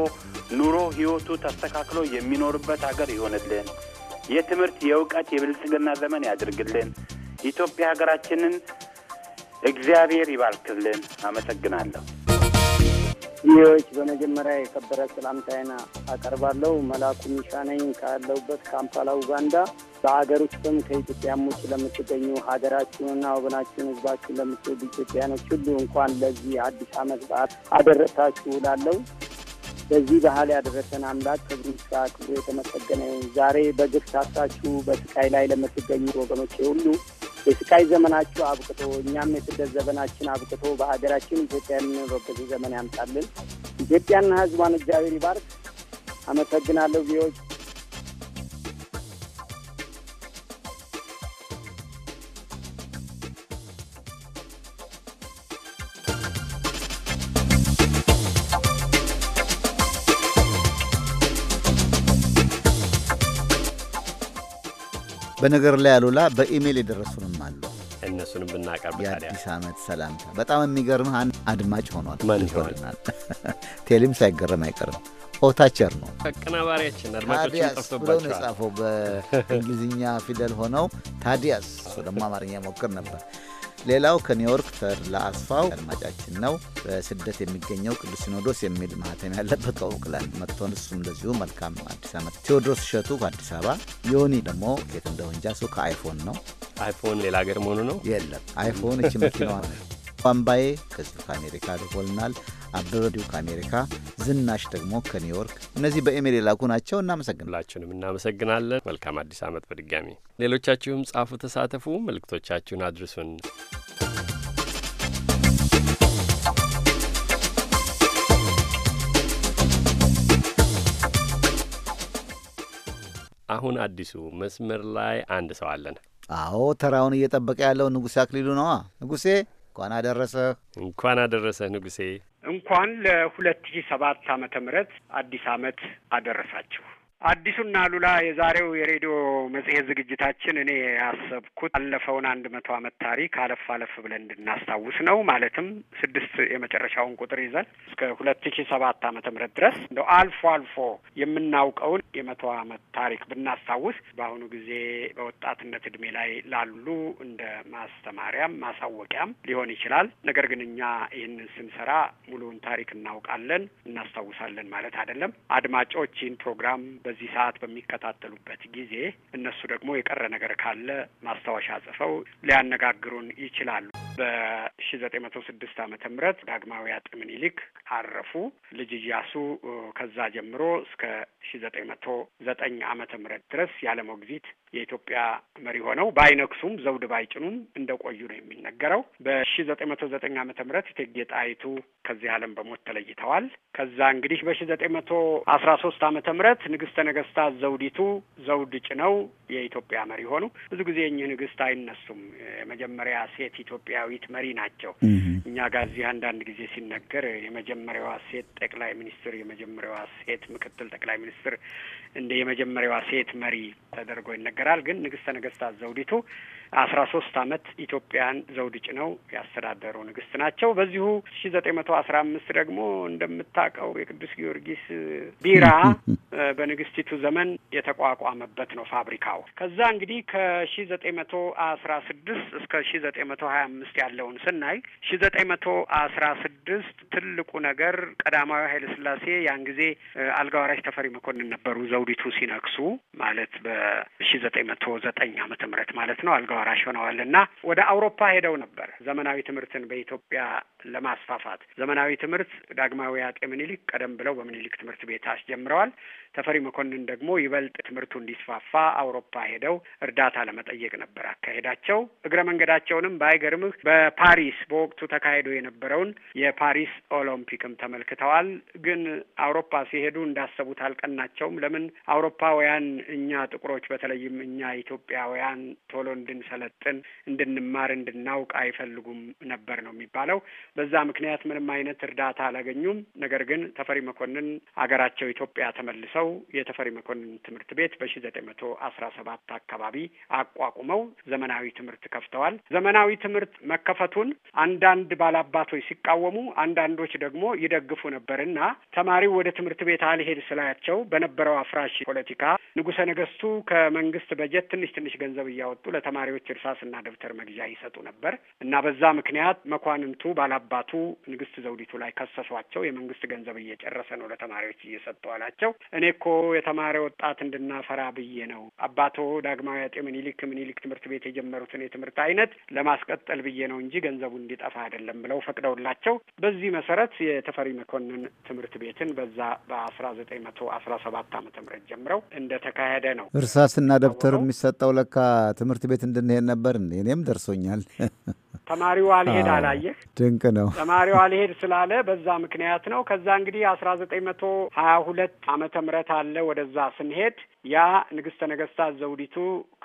ኑሮ ህይወቱ ተስተካክሎ የሚኖርበት ሀገር ይሆንልን። የትምህርት የእውቀት፣ የብልጽግና ዘመን ያድርግልን። ኢትዮጵያ ሀገራችንን እግዚአብሔር ይባርክልን። አመሰግናለሁ። ይዎች በመጀመሪያ የከበረ ሰላምታዬን አቀርባለሁ። መላኩ ሚሻ ነኝ ካለሁበት ካምፓላ ኡጋንዳ። በሀገር ውስጥም ከኢትዮጵያም ውጭ ለምትገኙ ሀገራችሁንና ወገናችሁን ሕዝባችሁን ለምትወዱ ኢትዮጵያኖች ሁሉ እንኳን ለዚህ አዲስ ዓመት በዓል አደረሳችሁ ላለው በዚህ ባህል ያደረሰን አምላክ ከዚህ ክብሩ የተመሰገነ። ዛሬ በግፍ ታስራችሁ በስቃይ ላይ ለምትገኙ ወገኖቼ ሁሉ የስቃይ ዘመናችሁ አብቅቶ እኛም የስደት ዘመናችን አብቅቶ በሀገራችን ኢትዮጵያ የምንኖርበት ዘመን ያምጣልን። ኢትዮጵያና ሕዝቧን እግዚአብሔር ይባርክ። አመሰግናለሁ ቢዎች በነገር ላይ አሉላ በኢሜይል የደረሱንም አሉ። እነሱንም ብናቀርብ የአዲስ ዓመት ሰላምታ በጣም የሚገርምህ አንድ አድማጭ ሆኗል። ማን ይሆናል? ቴሌም ሳይገረም አይቀርም። ኦታቸር ነው አቀናባሪያችን። አድማጮችን ጠፍቶባቸዋል የጻፈው በእንግሊዝኛ ፊደል ሆነው ታዲያስ። እሱ ደግሞ አማርኛ ሞክር ነበር ሌላው ከኒውዮርክ ተድላ አስፋው አድማጫችን ነው። በስደት የሚገኘው ቅዱስ ሲኖዶስ የሚል ማህተም ያለበት ከኦክላንድ መጥቶን እሱም እንደዚሁ መልካም አዲስ ዓመት። ቴዎድሮስ እሸቱ ከአዲስ አበባ፣ ዮኒ ደግሞ ጌት እንደ ወንጃ ሰው ከአይፎን ነው። አይፎን ሌላ ሀገር መሆኑ ነው። የለም አይፎን እች መኪናዋ ነው። ዋምባዬ ከዚሁ ከአሜሪካ ልኮልናል። አበበዲው ከአሜሪካ፣ ዝናሽ ደግሞ ከኒውዮርክ። እነዚህ በኢሜል የላኩ ናቸው። እናመሰግናላችሁንም እናመሰግናለን። መልካም አዲስ ዓመት በድጋሚ ሌሎቻችሁም ጻፉ፣ ተሳተፉ፣ መልእክቶቻችሁን አድርሱን። አሁን አዲሱ መስመር ላይ አንድ ሰው አለን። አዎ ተራውን እየጠበቀ ያለው ንጉሴ አክሊሉ ነዋ። ንጉሴ እንኳን አደረሰህ። እንኳን አደረሰህ ንጉሴ። እንኳን ለሁለት ሺ ሰባት ዓመተ ምህረት አዲስ ዓመት አደረሳችሁ። አዲሱና ሉላ የዛሬው የሬዲዮ መጽሔት ዝግጅታችን እኔ ያሰብኩት አለፈውን አንድ መቶ ዓመት ታሪክ አለፍ አለፍ ብለን እንድናስታውስ ነው። ማለትም ስድስት የመጨረሻውን ቁጥር ይዘን እስከ ሁለት ሺ ሰባት ዓመተ ምህረት ድረስ እንደው አልፎ አልፎ የምናውቀውን የመቶ ዓመት ታሪክ ብናስታውስ በአሁኑ ጊዜ በወጣትነት እድሜ ላይ ላሉ እንደ ማስተማሪያም ማሳወቂያም ሊሆን ይችላል። ነገር ግን እኛ ይህንን ስንሰራ ሙሉውን ታሪክ እናውቃለን እናስታውሳለን ማለት አይደለም። አድማጮች ይህን ፕሮግራም በዚህ ሰዓት በሚከታተሉበት ጊዜ እነሱ ደግሞ የቀረ ነገር ካለ ማስታወሻ ጽፈው ሊያነጋግሩን ይችላሉ። በ1906 ዓመተ ምህረት ዳግማዊ አጤ ምኒልክ አረፉ። ልጅ እያሱ ከዛ ጀምሮ እስከ 1909 ዓመተ ምህረት ድረስ ያለ ሞግዚት የኢትዮጵያ መሪ ሆነው ባይነክሱም ዘውድ ባይጭኑም እንደቆዩ ነው የሚነገረው። በ1909 ዓመተ ምህረት እቴጌ ከዚህ ዓለም በሞት ተለይተዋል። ከዛ እንግዲህ በ1913 ዓመተ ምህረት ንግስተ ነገስታ ዘውዲቱ ዘውድ ጭነው የኢትዮጵያ መሪ ሆኑ። ብዙ ጊዜ እኚህ ንግስት አይነሱም። የመጀመሪያ ሴት ኢትዮጵያ ሰራዊት መሪ ናቸው። እኛ ጋር እዚህ አንዳንድ ጊዜ ሲነገር የመጀመሪያዋ ሴት ጠቅላይ ሚኒስትር፣ የመጀመሪያዋ ሴት ምክትል ጠቅላይ ሚኒስትር፣ እንደ የመጀመሪያዋ ሴት መሪ ተደርጎ ይነገራል። ግን ንግስተ ነገስታት ዘውዲቱ አስራ ሶስት አመት ኢትዮጵያን ዘውድ ጭነው ያስተዳደሩ ንግስት ናቸው። በዚሁ ሺ ዘጠኝ መቶ አስራ አምስት ደግሞ እንደምታውቀው የቅዱስ ጊዮርጊስ ቢራ በንግስቲቱ ዘመን የተቋቋመበት ነው ፋብሪካው። ከዛ እንግዲህ ከሺ ዘጠኝ መቶ አስራ ስድስት እስከ ሺ ዘጠኝ መቶ ሀያ አምስት ውስጥ ያለውን ስናይ ሺ ዘጠኝ መቶ አስራ ስድስት ትልቁ ነገር ቀዳማዊ ኃይለ ሥላሴ ያን ጊዜ አልጋ ወራሽ ተፈሪ መኮንን ነበሩ ዘውዲቱ ሲነግሱ ማለት በሺ ዘጠኝ መቶ ዘጠኝ ዓመተ ምህረት ማለት ነው። አልጋ ወራሽ ሆነዋል እና ወደ አውሮፓ ሄደው ነበር ዘመናዊ ትምህርትን በኢትዮጵያ ለማስፋፋት ዘመናዊ ትምህርት ዳግማዊ አጤ ምኒልክ ቀደም ብለው በምኒልክ ትምህርት ቤት አስጀምረዋል። ተፈሪ መኮንን ደግሞ ይበልጥ ትምህርቱ እንዲስፋፋ አውሮፓ ሄደው እርዳታ ለመጠየቅ ነበር አካሄዳቸው። እግረ መንገዳቸውንም ባይገርምህ በፓሪስ በወቅቱ ተካሂዶ የነበረውን የፓሪስ ኦሎምፒክም ተመልክተዋል። ግን አውሮፓ ሲሄዱ እንዳሰቡት አልቀናቸውም። ለምን አውሮፓውያን እኛ ጥቁሮች፣ በተለይም እኛ ኢትዮጵያውያን ቶሎ እንድንሰለጥን፣ እንድንማር፣ እንድናውቅ አይፈልጉም ነበር ነው የሚባለው። በዛ ምክንያት ምንም አይነት እርዳታ አላገኙም። ነገር ግን ተፈሪ መኮንን አገራቸው ኢትዮጵያ ተመልሰው መስርተው የተፈሪ መኮንን ትምህርት ቤት በሺ ዘጠኝ መቶ አስራ ሰባት አካባቢ አቋቁመው ዘመናዊ ትምህርት ከፍተዋል። ዘመናዊ ትምህርት መከፈቱን አንዳንድ ባላባቶች ሲቃወሙ፣ አንዳንዶች ደግሞ ይደግፉ ነበር እና ተማሪው ወደ ትምህርት ቤት አልሄድ ስላያቸው በነበረው አፍራሽ ፖለቲካ ንጉሰ ነገስቱ ከመንግስት በጀት ትንሽ ትንሽ ገንዘብ እያወጡ ለተማሪዎች እርሳስና ደብተር መግዣ ይሰጡ ነበር እና በዛ ምክንያት መኳንንቱ ባላባቱ ንግስት ዘውዲቱ ላይ ከሰሷቸው። የመንግስት ገንዘብ እየጨረሰ ነው ለተማሪዎች እየሰጠዋላቸው እኔ እኮ የተማረ ወጣት እንድናፈራ ብዬ ነው። አባቶ ዳግማዊ አጤ ምኒልክ ምኒልክ ትምህርት ቤት የጀመሩትን የትምህርት አይነት ለማስቀጠል ብዬ ነው እንጂ ገንዘቡ እንዲጠፋ አይደለም ብለው ፈቅደውላቸው በዚህ መሰረት የተፈሪ መኮንን ትምህርት ቤትን በዛ በአስራ ዘጠኝ መቶ አስራ ሰባት አመተ ምህረት ጀምረው እንደተካሄደ ነው። እርሳስና ደብተር የሚሰጠው ለካ ትምህርት ቤት እንድንሄድ ነበር። እኔም ደርሶኛል። ተማሪው አልሄድ አላየህ፣ ድንቅ ነው። ተማሪው አልሄድ ስላለ በዛ ምክንያት ነው። ከዛ እንግዲህ አስራ ዘጠኝ መቶ ሀያ ሁለት አመተ ምህረት አለ ወደዛ ስንሄድ ያ ንግስተ ነገስታት ዘውዲቱ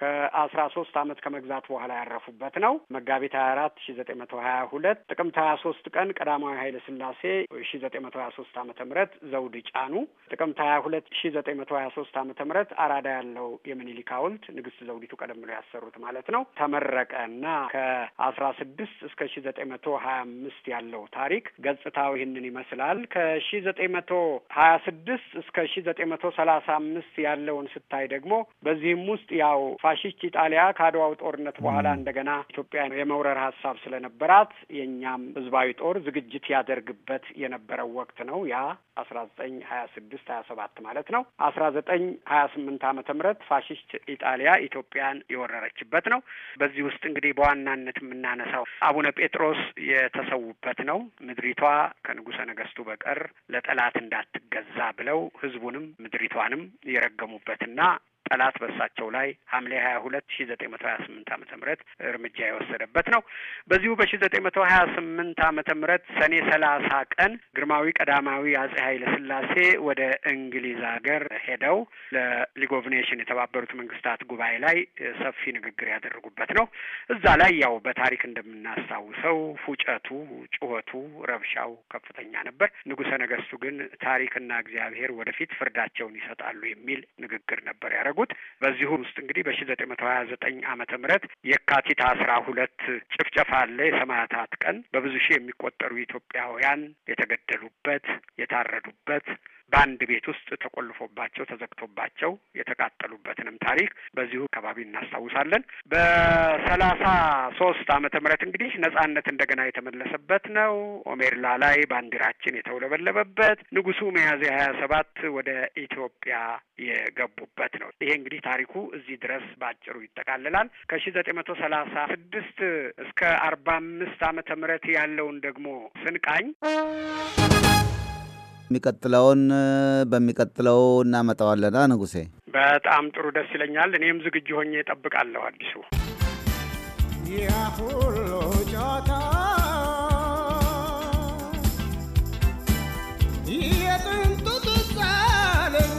ከአስራ ሶስት አመት ከመግዛት በኋላ ያረፉበት ነው። መጋቢት ሀያ አራት ሺ ዘጠኝ መቶ ሀያ ሁለት ጥቅምት ሀያ ሶስት ቀን ቀዳማዊ ኃይለ ስላሴ ሺ ዘጠኝ መቶ ሀያ ሶስት አመተ ምህረት ዘውድ ጫኑ። ጥቅምት ሀያ ሁለት ሺ ዘጠኝ መቶ ሀያ ሶስት አመተ ምህረት አራዳ ያለው የሚኒሊክ ሐውልት ንግስት ዘውዲቱ ቀደም ብሎ ያሰሩት ማለት ነው ተመረቀ እና ከአስራ ስድስት ስድስት እስከ ሺ ዘጠኝ መቶ ሀያ አምስት ያለው ታሪክ ገጽታው ይህንን ይመስላል። ከሺ ዘጠኝ መቶ ሀያ ስድስት እስከ ሺ ዘጠኝ መቶ ሰላሳ አምስት ያለውን ስታይ ደግሞ በዚህም ውስጥ ያው ፋሽስት ኢጣሊያ ከአድዋው ጦርነት በኋላ እንደገና ኢትዮጵያ የመውረር ሀሳብ ስለነበራት የእኛም ህዝባዊ ጦር ዝግጅት ያደርግበት የነበረው ወቅት ነው። ያ አስራ ዘጠኝ ሀያ ስድስት ሀያ ሰባት ማለት ነው። አስራ ዘጠኝ ሀያ ስምንት ዓመተ ምህረት ፋሽስት ኢጣሊያ ኢትዮጵያን የወረረችበት ነው። በዚህ ውስጥ እንግዲህ በዋናነት የምናነሳ ነው። አቡነ ጴጥሮስ የተሰዉበት ነው። ምድሪቷ ከንጉሠ ነገሥቱ በቀር ለጠላት እንዳትገዛ ብለው ህዝቡንም ምድሪቷንም የረገሙበትና ጠላት በሳቸው ላይ ሐምሌ ሀያ ሁለት ሺ ዘጠኝ መቶ ሀያ ስምንት ዓመተ ምህረት እርምጃ የወሰደበት ነው። በዚሁ በሺ ዘጠኝ መቶ ሀያ ስምንት ዓመተ ምህረት ሰኔ ሰላሳ ቀን ግርማዊ ቀዳማዊ አጼ ኃይለ ስላሴ ወደ እንግሊዝ ሀገር ሄደው ለሊግ ኦፍ ኔሽን የተባበሩት መንግስታት ጉባኤ ላይ ሰፊ ንግግር ያደረጉበት ነው። እዛ ላይ ያው በታሪክ እንደምናስታውሰው ፉጨቱ፣ ጩኸቱ፣ ረብሻው ከፍተኛ ነበር። ንጉሰ ነገስቱ ግን ታሪክና እግዚአብሔር ወደፊት ፍርዳቸውን ይሰጣሉ የሚል ንግግር ነበር ያደረጉ ያደረጉት። በዚሁ ውስጥ እንግዲህ በሺ ዘጠኝ መቶ ሀያ ዘጠኝ አመተ ምህረት የካቲት አስራ ሁለት ጭፍጨፋ አለ የሰማዕታት ቀን በብዙ ሺህ የሚቆጠሩ ኢትዮጵያውያን የተገደሉበት የታረዱበት በአንድ ቤት ውስጥ ተቆልፎባቸው ተዘግቶባቸው የተቃጠሉበትንም ታሪክ በዚሁ አካባቢ እናስታውሳለን። በሰላሳ ሶስት ዓመተ ምህረት እንግዲህ ነጻነት እንደገና የተመለሰበት ነው። ኦሜርላ ላይ ባንዲራችን የተውለበለበበት ንጉሱ ሚያዝያ ሀያ ሰባት ወደ ኢትዮጵያ የገቡበት ነው። ይሄ እንግዲህ ታሪኩ እዚህ ድረስ በአጭሩ ይጠቃልላል። ከሺ ዘጠኝ መቶ ሰላሳ ስድስት እስከ አርባ አምስት ዓመተ ምህረት ያለውን ደግሞ ስንቃኝ የሚቀጥለውን በሚቀጥለው እናመጣዋለና ንጉሴ በጣም ጥሩ ደስ ይለኛል። እኔም ዝግጁ ሆኜ እጠብቃለሁ። አዲሱ ያ ሁሉ ጨዋታ የጥንቱ ትዛለኝ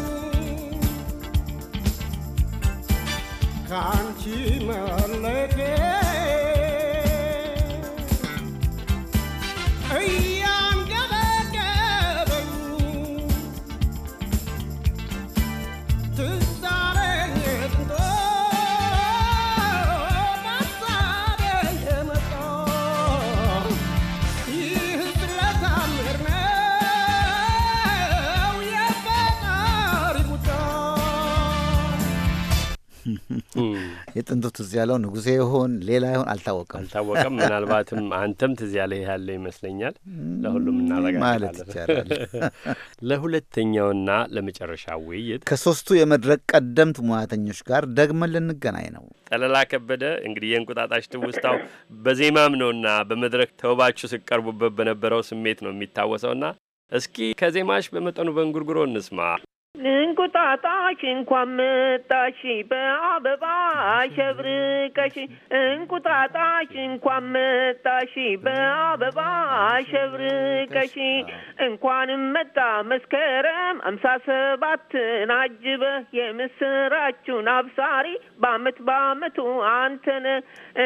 የጥንቱ ትዝ ያለው ንጉሴ ይሆን ሌላ ይሆን አልታወቀም፣ አልታወቀም። ምናልባትም አንተም ትዝ ያለ ያለ ይመስለኛል። ለሁሉም እናረጋለን ማለት ይቻላል። ለሁለተኛውና ለመጨረሻ ውይይት ከሶስቱ የመድረክ ቀደምት ሙያተኞች ጋር ደግመን ልንገናኝ ነው። ጠለላ ከበደ እንግዲህ የእንቁጣጣሽ ትውስታው በዜማም ነውና በመድረክ ተውባችሁ ስቀርቡበት በነበረው ስሜት ነው የሚታወሰውና እስኪ ከዜማሽ በመጠኑ በእንጉርጉሮ እንስማ። እንቁጣጣሽ እንኳን መጣሽ በአበባ አሸብርቀሽ እንቁጣጣሽ እንኳን መጣሽ በአበባ አሸብርቀሽ እንኳንም መጣ መስከረም አምሳ ሰባትን አጅበ የምስራቹን አብሳሪ በአመት በአመቱ አንተነ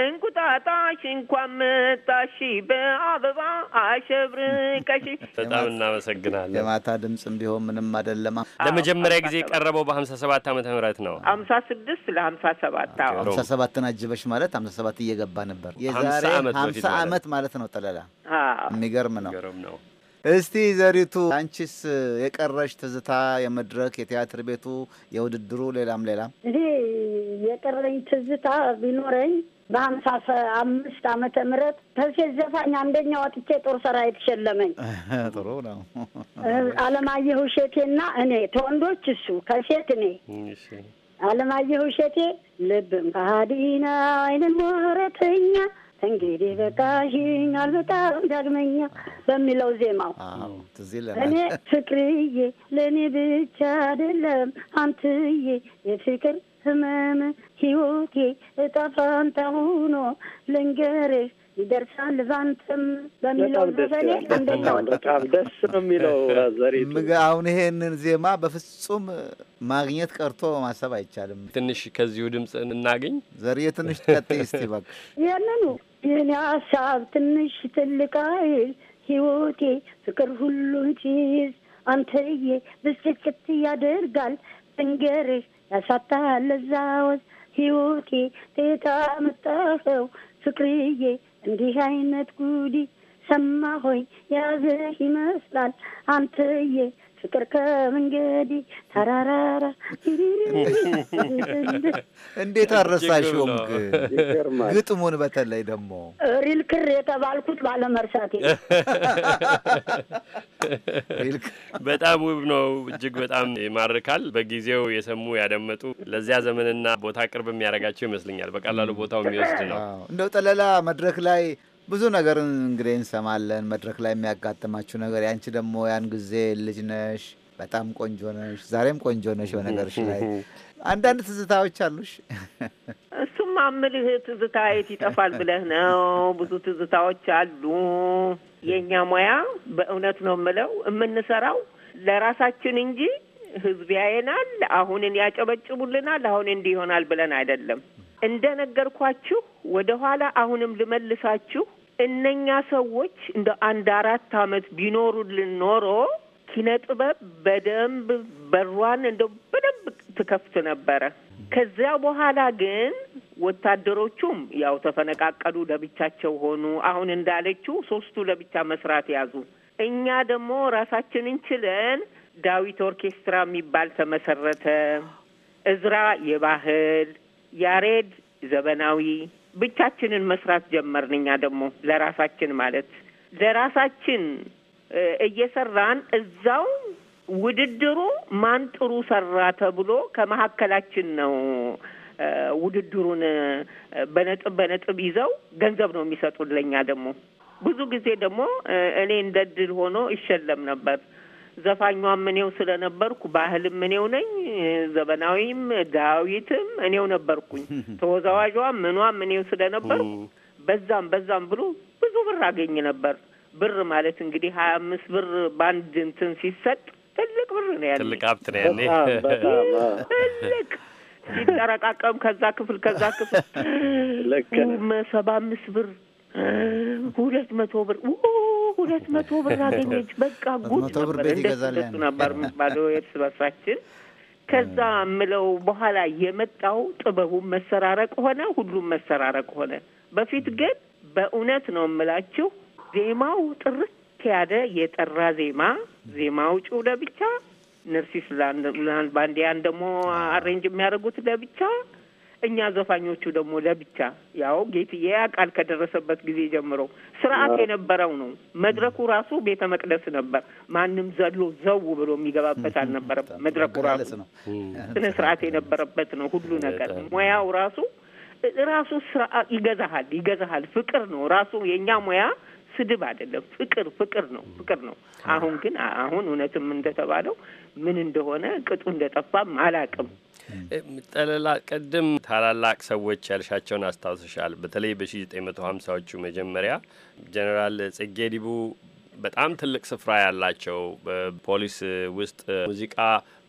እንቁጣጣሽ እንኳን መጣሽ በአበባ አሸብርቀሽ። በጣም እናመሰግናለን። የማታ ድምፅም ቢሆን ምንም አይደለም። ለመጀመሪያ ጊዜ የቀረበው በሀምሳ ሰባት ዓመተ ምህረት ነው። ሀምሳ ስድስት ለሀምሳ ሰባት ሀምሳ ሰባትን አጅበሽ ማለት ሀምሳ ሰባት እየገባ ነበር። የዛሬ ሀምሳ ዓመት ማለት ነው። ጠለላ የሚገርም ነው። እስቲ ዘሪቱ አንቺስ የቀረሽ ትዝታ የመድረክ የቲያትር ቤቱ የውድድሩ ሌላም ሌላም? እኔ የቀረኝ ትዝታ ቢኖረኝ በሀምሳ አምስት ዓመተ ምህረት ከሴት ዘፋኝ አንደኛ ወጥቼ ጦር ሰራዊት ሸለመኝ። ጥሩ ነው። አለማየሁ እሸቴና እኔ ተወንዶች እሱ ከሴት እኔ አለማየሁ እሸቴ ልብም ከሀዲና አይንም ወረተኛ እንግዲህ በቃሽኝ አልበጣም ዳግመኛ በሚለው ዜማው እኔ ፍቅርዬ ለእኔ ብቻ አይደለም አንትዬ የፍቅር ህመም ህይወቴ እጣ ፋንታ ሆኖ ልንገርሽ ይደርሳል ባንተም በሚለው ዘፈኔ በጣም ደስ ነው የሚለው ዘሪቱ። አሁን ይሄንን ዜማ በፍጹም ማግኘት ቀርቶ ማሰብ አይቻልም። ትንሽ ከዚሁ ድምፅ እናገኝ። ዘሬ ትንሽ ቀጥ ስቲ እባክሽ። ያንኑ የኔ ሀሳብ ትንሽ ትልቃይል አይል ህይወቴ ፍቅር ሁሉን ጭዝ አንተዬ ብስጭት ያደርጋል ልንገርሽ ያሳታል ለዛ ወዝ ህይወቴ ቴታ መጣኸው ፍቅርዬ እንዲህ አይነት ጉዲ ሰማ ሆይ ያዘህ ይመስላል አንተዬ ፍቅር ከመንገዲ ተራራራ እንዴት አረሳሽውም? ግጥሙን በተለይ ደግሞ ሪልክር የተባልኩት ባለመርሳቴ። በጣም ውብ ነው፣ እጅግ በጣም ይማርካል። በጊዜው የሰሙ ያደመጡ ለዚያ ዘመንና ቦታ ቅርብ የሚያደርጋቸው ይመስለኛል። በቀላሉ ቦታው የሚወስድ ነው እንደው ጠለላ መድረክ ላይ ብዙ ነገር እንግዲህ እንሰማለን። መድረክ ላይ የሚያጋጥማችሁ ነገር ያንቺ ደግሞ ያን ጊዜ ልጅ ነሽ፣ በጣም ቆንጆ ነሽ፣ ዛሬም ቆንጆ ነሽ። በነገርሽ ላይ አንዳንድ ትዝታዎች አሉሽ። እሱማ እምልህ ትዝታ የት ይጠፋል ብለህ ነው። ብዙ ትዝታዎች አሉ። የእኛ ሙያ በእውነት ነው የምለው የምንሰራው ለራሳችን እንጂ ህዝብ ያየናል፣ አሁንን ያጨበጭቡልናል፣ አሁን እንዲህ ይሆናል ብለን አይደለም እንደነገርኳችሁ ወደ ኋላ አሁንም ልመልሳችሁ። እነኛ ሰዎች እንደ አንድ አራት አመት ቢኖሩልን ኖሮ ኪነ ጥበብ በደንብ በሯን እንደ በደንብ ትከፍት ነበረ። ከዚያ በኋላ ግን ወታደሮቹም ያው ተፈነቃቀሉ፣ ለብቻቸው ሆኑ። አሁን እንዳለችው ሶስቱ ለብቻ መስራት ያዙ። እኛ ደግሞ ራሳችንን ችለን ዳዊት ኦርኬስትራ የሚባል ተመሰረተ። እዝራ የባህል ያሬድ ዘመናዊ ብቻችንን መስራት ጀመርን። እኛ ደግሞ ለራሳችን ማለት ለራሳችን እየሰራን እዛው ውድድሩ ማን ጥሩ ሰራ ተብሎ ከመሀከላችን ነው ውድድሩን በነጥብ በነጥብ ይዘው ገንዘብ ነው የሚሰጡን። ለእኛ ደግሞ ብዙ ጊዜ ደግሞ እኔ እንደ ድል ሆኖ ይሸለም ነበር። ዘፋኟም እኔው ስለነበርኩ ባህልም እኔው ነኝ፣ ዘመናዊም ዳዊትም እኔው ነበርኩኝ፣ ተወዛዋዧም ምኗም እኔው ስለነበርኩ በዛም በዛም ብሎ ብዙ ብር አገኝ ነበር። ብር ማለት እንግዲህ ሀያ አምስት ብር በአንድ እንትን ሲሰጥ ትልቅ ብር ነው ያለ፣ ትልቅ ሀብት ነው ያለ ትልቅ ሲጠረቃቀም ከዛ ክፍል ከዛ ክፍል ሰባ አምስት ብር ሁለት መቶ ብር ሁለት መቶ ብር አገኘች። በቃ ጉድ ነበር። እንደሱ ነበር በርሳችን። ከዛ ምለው በኋላ የመጣው ጥበቡን መሰራረቅ ሆነ፣ ሁሉም መሰራረቅ ሆነ። በፊት ግን በእውነት ነው የምላችሁ ዜማው ጥርት ያለ የጠራ ዜማ ዜማው ጩ ለብቻ፣ ነርሲስ ባንዲያን ደግሞ አሬንጅ የሚያደርጉት ለብቻ እኛ ዘፋኞቹ ደግሞ ለብቻ ያው ጌትዬ ቃል ከደረሰበት ጊዜ ጀምሮ ስርዓት የነበረው ነው። መድረኩ ራሱ ቤተ መቅደስ ነበር። ማንም ዘሎ ዘው ብሎ የሚገባበት አልነበረም። መድረኩ ራሱ ስነ ስርዓት የነበረበት ነው። ሁሉ ነገር ሙያው ራሱ ራሱ ስርዓት ይገዛሃል፣ ይገዛሃል። ፍቅር ነው ራሱ የእኛ ሙያ ስድብ አይደለም። ፍቅር ፍቅር ነው ፍቅር ነው። አሁን ግን አሁን እውነትም እንደተባለው ምን እንደሆነ ቅጡ እንደጠፋም አላቅም። ጠለላ ቅድም ታላላቅ ሰዎች ያልሻቸውን አስታውሰሻል። በተለይ በ1950ዎቹ መጀመሪያ ጀኔራል ጽጌ ዲቡ በጣም ትልቅ ስፍራ ያላቸው በፖሊስ ውስጥ ሙዚቃ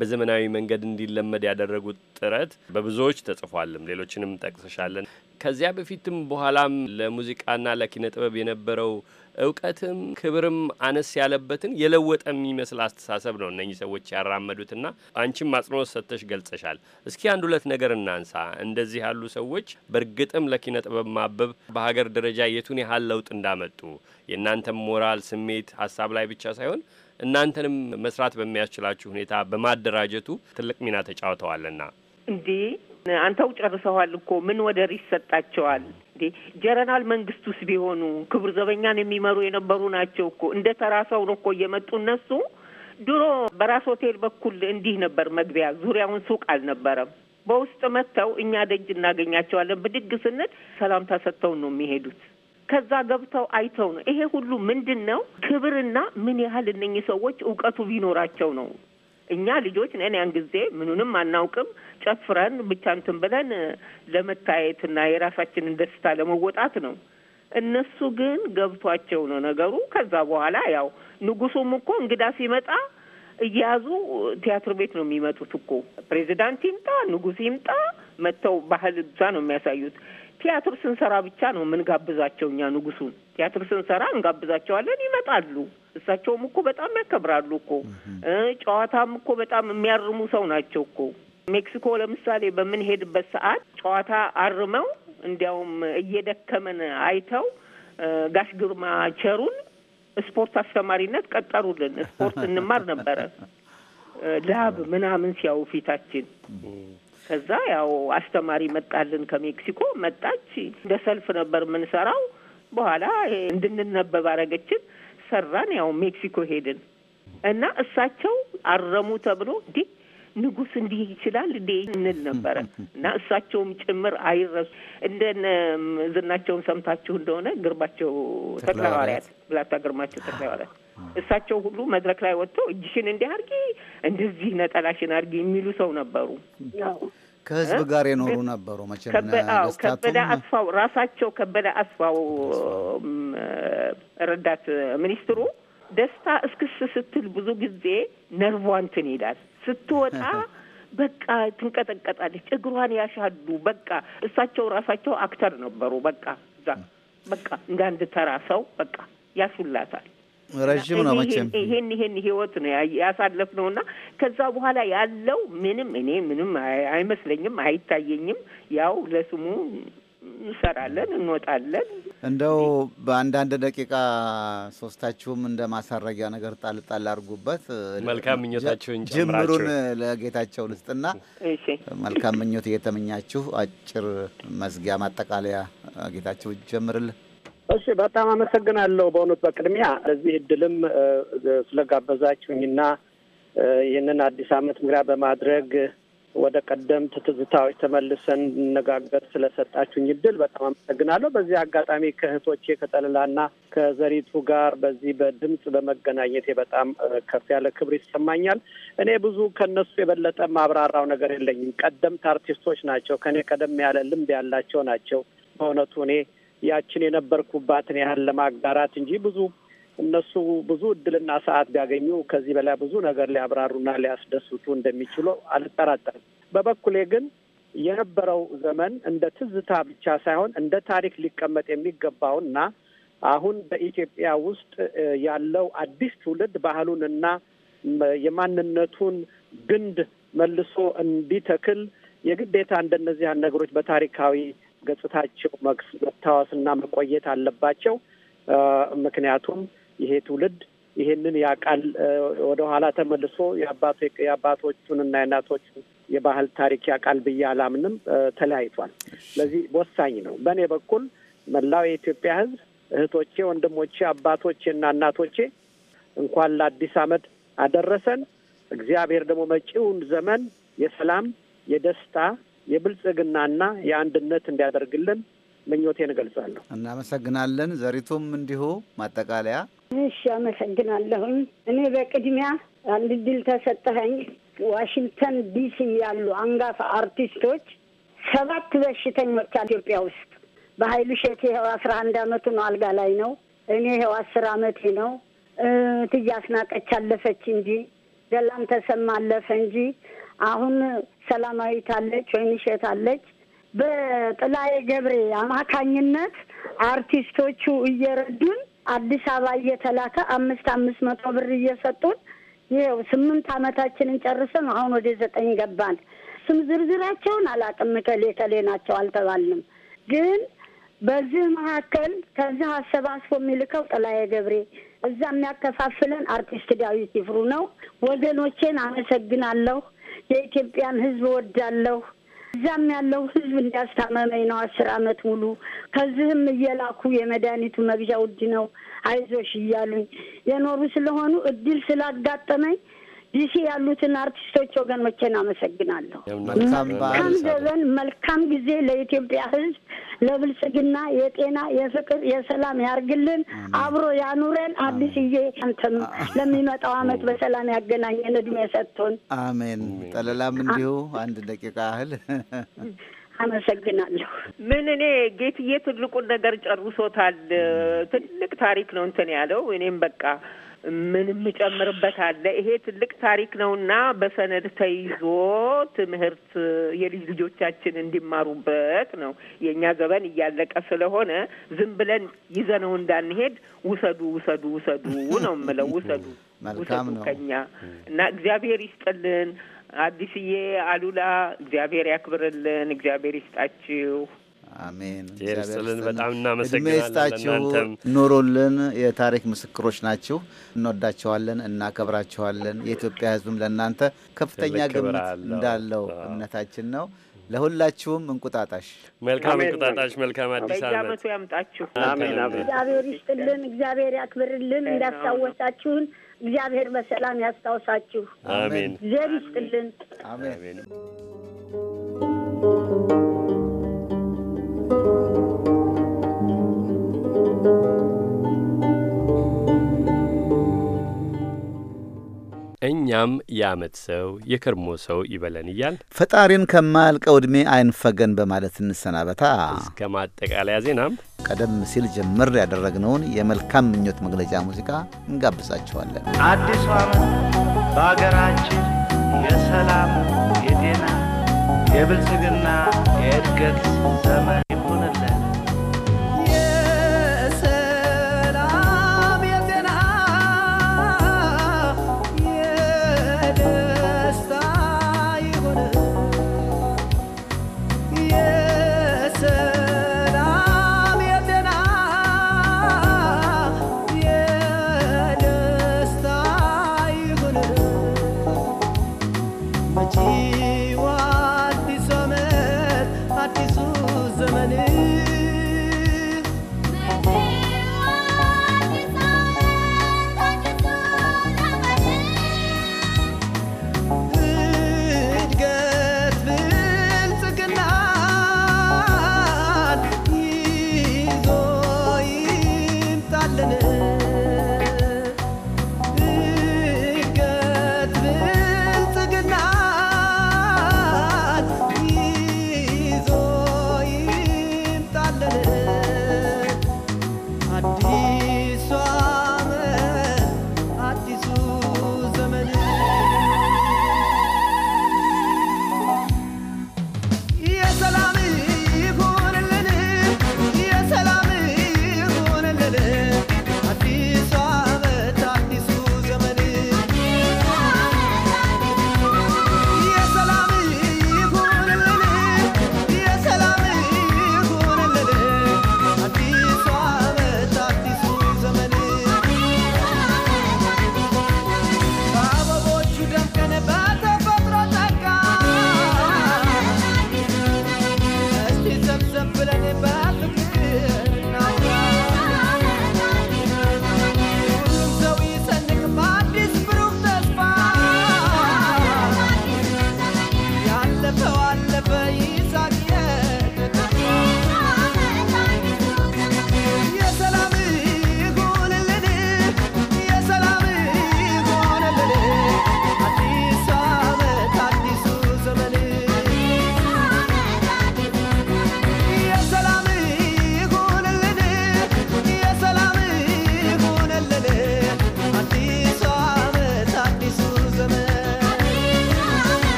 በዘመናዊ መንገድ እንዲለመድ ያደረጉት ጥረት በብዙዎች ተጽፏልም። ሌሎችንም ጠቅሰሻለን። ከዚያ በፊትም በኋላም ለሙዚቃና ለኪነ ጥበብ የነበረው እውቀትም ክብርም አነስ ያለበትን የለወጠ የሚመስል አስተሳሰብ ነው እነኚህ ሰዎች ያራመዱትና አንቺም አጽንኦት ሰጥተሽ ገልጸሻል። እስኪ አንድ ሁለት ነገር እናንሳ። እንደዚህ ያሉ ሰዎች በእርግጥም ለኪነ ጥበብ ማበብ በሀገር ደረጃ የቱን ያህል ለውጥ እንዳመጡ የእናንተም ሞራል፣ ስሜት፣ ሀሳብ ላይ ብቻ ሳይሆን እናንተንም መስራት በሚያስችላችሁ ሁኔታ በማደራጀቱ ትልቅ ሚና ተጫውተዋልና እንዴ አንተው ጨርሰዋል እኮ ምን ወደር ይሰጣቸዋል? ጀነራል መንግስቱስ ቢሆኑ ክቡር ዘበኛን የሚመሩ የነበሩ ናቸው እኮ እንደ ተራ ሰው ነው እኮ እየመጡ እነሱ። ድሮ በራስ ሆቴል በኩል እንዲህ ነበር መግቢያ፣ ዙሪያውን ሱቅ አልነበረም። በውስጥ መጥተው እኛ ደጅ እናገኛቸዋለን፣ ብድግ ስንል ሰላምታ ሰጥተው ነው የሚሄዱት። ከዛ ገብተው አይተው ነው። ይሄ ሁሉ ምንድን ነው? ክብርና ምን ያህል እነኚህ ሰዎች እውቀቱ ቢኖራቸው ነው። እኛ ልጆች ነን፣ ያን ጊዜ ምኑንም አናውቅም። ጨፍረን ብቻ እንትን ብለን ለመታየትና የራሳችንን ደስታ ለመወጣት ነው። እነሱ ግን ገብቷቸው ነው ነገሩ። ከዛ በኋላ ያው ንጉሱም እኮ እንግዳ ሲመጣ እየያዙ ቲያትር ቤት ነው የሚመጡት እኮ ፕሬዚዳንት ይምጣ ንጉስ ይምጣ መጥተው ባህል ብቻ ነው የሚያሳዩት። ቲያትር ስንሰራ ብቻ ነው የምንጋብዛቸው እኛ ንጉሱን ቲያትር ስንሰራ እንጋብዛቸዋለን፣ ይመጣሉ። እሳቸውም እኮ በጣም ያከብራሉ እኮ ጨዋታም እኮ በጣም የሚያርሙ ሰው ናቸው እኮ ሜክሲኮ ለምሳሌ በምንሄድበት ሰዓት ጨዋታ አርመው እንዲያውም እየደከመን አይተው ጋሽ ግርማ ቸሩን ስፖርት አስተማሪነት ቀጠሩልን። ስፖርት እንማር ነበረ ላብ ምናምን ሲያው ፊታችን ከዛ ያው አስተማሪ መጣልን ከሜክሲኮ መጣች። እንደ ሰልፍ ነበር የምንሰራው። በኋላ እንድንነበብ አረገችን። ሰራን። ያው ሜክሲኮ ሄድን እና እሳቸው አረሙ ተብሎ እንዲህ ንጉስ እንዲህ ይችላል እንዴ እንል ነበረ እና እሳቸውም ጭምር አይረሱ እንደነ ዝናቸውን ሰምታችሁ እንደሆነ ግርባቸው ተክለሐዋርያት ብላታ ግርማቸው ተክለሐዋርያት እሳቸው ሁሉ መድረክ ላይ ወጥተው እጅሽን እንዲህ አርጊ፣ እንደዚህ ነጠላሽን አርጊ የሚሉ ሰው ነበሩ። ከህዝብ ጋር የኖሩ ነበሩ። መቼም ከበደ አስፋው ራሳቸው ከበደ አስፋው ረዳት ሚኒስትሩ ደስታ እስክስ ስትል ብዙ ጊዜ ነርቧ እንትን ይላል ስትወጣ በቃ ትንቀጠቀጣለች፣ እግሯን ያሻሉ። በቃ እሳቸው ራሳቸው አክተር ነበሩ። በቃ እዛ በቃ እንደ አንድ ተራ ሰው በቃ ያሹላታል። ረዥም ነው መቼም ይሄን ይሄን ህይወት ነው ያሳለፍ ነው እና ከዛ በኋላ ያለው ምንም እኔ ምንም አይመስለኝም አይታየኝም። ያው ለስሙ እንሰራለን፣ እንወጣለን። እንደው በአንዳንድ ደቂቃ ሶስታችሁም እንደ ማሳረጊያ ነገር ጣል ጣል አድርጉበት። መልካም ምኞታችሁን ጀምሩን። ለጌታቸው ልስጥና መልካም ምኞት እየተመኛችሁ አጭር መዝጊያ ማጠቃለያ ጌታቸው ጀምርልን። እሺ በጣም አመሰግናለሁ። በእውነት በቅድሚያ ለዚህ እድልም ስለጋበዛችሁኝና ይህንን አዲስ አመት ምክንያት በማድረግ ወደ ቀደምት ትዝታዎች ተመልሰን እንነጋገር ስለሰጣችሁኝ እድል በጣም አመሰግናለሁ። በዚህ አጋጣሚ ከእህቶቼ ከጠልላና ከዘሪቱ ጋር በዚህ በድምፅ በመገናኘቴ በጣም ከፍ ያለ ክብር ይሰማኛል። እኔ ብዙ ከነሱ የበለጠ ማብራራው ነገር የለኝም። ቀደምት አርቲስቶች ናቸው። ከኔ ቀደም ያለ ልምድ ያላቸው ናቸው። በእውነቱ እኔ ያችን የነበርኩባትን ያህል ለማጋራት እንጂ ብዙ እነሱ ብዙ እድልና ሰዓት ቢያገኙ ከዚህ በላይ ብዙ ነገር ሊያብራሩና ሊያስደስቱ እንደሚችሉ አልጠራጠርም። በበኩሌ ግን የነበረው ዘመን እንደ ትዝታ ብቻ ሳይሆን እንደ ታሪክ ሊቀመጥ የሚገባውና አሁን በኢትዮጵያ ውስጥ ያለው አዲስ ትውልድ ባህሉንና የማንነቱን ግንድ መልሶ እንዲተክል የግዴታ እንደነዚያን ነገሮች በታሪካዊ ገጽታቸው መታወስና መቆየት አለባቸው። ምክንያቱም ይሄ ትውልድ ይሄንን ያውቃል። ወደኋላ ተመልሶ የአባቶቹንና የእናቶቹን የባህል ታሪክ ያውቃል ብዬ አላምንም። ተለያይቷል። ስለዚህ ወሳኝ ነው። በእኔ በኩል መላው የኢትዮጵያ ሕዝብ እህቶቼ፣ ወንድሞቼ፣ አባቶቼ እና እናቶቼ እንኳን ለአዲስ ዓመት አደረሰን። እግዚአብሔር ደግሞ መጪውን ዘመን የሰላም የደስታ የብልጽግናና የአንድነት እንዲያደርግልን ምኞቴን እገልጻለሁ። እናመሰግናለን። ዘሪቱም እንዲሁ ማጠቃለያ። እሺ፣ አመሰግናለሁም። እኔ በቅድሚያ አንድ ድል ተሰጠኸኝ። ዋሽንግተን ዲሲ ያሉ አንጋፋ አርቲስቶች ሰባት በሽተኞች ኢትዮጵያ ውስጥ በሀይሉ ሸቴ ይኸው አስራ አንድ አመቱ ነው፣ አልጋ ላይ ነው። እኔ ይኸው አስር አመቴ ነው። እትዬ አስናቀች አለፈች እንጂ ገላም ተሰማ አለፈ እንጂ አሁን ሰላማዊት አለች፣ ወይንሸት አለች በጥላዬ ገብሬ አማካኝነት አርቲስቶቹ እየረዱን አዲስ አበባ እየተላከ አምስት አምስት መቶ ብር እየሰጡን ይኸው ስምንት ዓመታችንን ጨርሰን አሁን ወደ ዘጠኝ ገባን። ስም ዝርዝራቸውን አላውቅም፣ እከሌ እከሌ ናቸው አልተባልንም። ግን በዚህ መካከል ከዚህ አሰባስቦ የሚልከው ጥላዬ ገብሬ፣ እዛ የሚያከፋፍለን አርቲስት ዳዊት ይፍሩ ነው። ወገኖቼን አመሰግናለሁ። የኢትዮጵያን ሕዝብ ወዳለሁ። እዛም ያለው ህዝብ እንዳስታመመኝ ነው አስር አመት ሙሉ። ከዚህም እየላኩ የመድኃኒቱ መግዣ ውድ ነው አይዞሽ እያሉኝ የኖሩ ስለሆኑ እድል ስላጋጠመኝ ዲሲ ያሉትን አርቲስቶች ወገኖቼን አመሰግናለሁ። መልካም ዘመን፣ መልካም ጊዜ ለኢትዮጵያ ሕዝብ ለብልጽግና፣ የጤና፣ የፍቅር፣ የሰላም ያርግልን፣ አብሮ ያኑረን። አዲስዬ አንተም ለሚመጣው አመት በሰላም ያገናኘን፣ እድሜ ሰጥቶን። አሜን። ጠለላም እንዲሁ አንድ ደቂቃ ያህል አመሰግናለሁ። ምን እኔ ጌትዬ ትልቁን ነገር ጨርሶታል። ትልቅ ታሪክ ነው እንትን ያለው እኔም በቃ ምንም ጨምርበት አለ። ይሄ ትልቅ ታሪክ ነውና በሰነድ ተይዞ ትምህርት የልጅ ልጆቻችን እንዲማሩበት ነው። የእኛ ዘበን እያለቀ ስለሆነ ዝም ብለን ይዘነው እንዳንሄድ ውሰዱ፣ ውሰዱ፣ ውሰዱ ነው የምለው። ውሰዱ፣ ውሰዱ ከኛ እና እግዚአብሔር ይስጥልን። አዲስዬ፣ አሉላ፣ እግዚአብሔር ያክብርልን። እግዚአብሔር ይስጣችሁ። አሜን። ርስጥልን በጣም እናመሰግናለንእድሜስታችሁ ኑሩልን። የታሪክ ምስክሮች ናችሁ። እንወዳቸዋለን፣ እናከብራቸዋለን። የኢትዮጵያ ሕዝብም ለእናንተ ከፍተኛ ግምት እንዳለው እምነታችን ነው። ለሁላችሁም እንቁጣጣሽ፣ መልካም እንቁጣጣሽ፣ መልካም አዲስ ዓመት ያምጣችሁ። እግዚአብሔር ይስጥልን፣ እግዚአብሔር ያክብርልን። እንዳስታወሳችሁን እግዚአብሔር በሰላም ያስታውሳችሁ። አሜን። ዘር ይስጥልን። አሜን። እኛም የአመት ሰው የከርሞ ሰው ይበለን እያል ፈጣሪን ከማያልቀው ዕድሜ አይንፈገን በማለት እንሰናበታ። እስከ ማጠቃለያ ዜናም ቀደም ሲል ጀምር ያደረግነውን የመልካም ምኞት መግለጫ ሙዚቃ እንጋብዛቸዋለን። አዲሱ አመት በአገራችን የሰላም፣ የጤና፣ የብልጽግና Edgar's summer.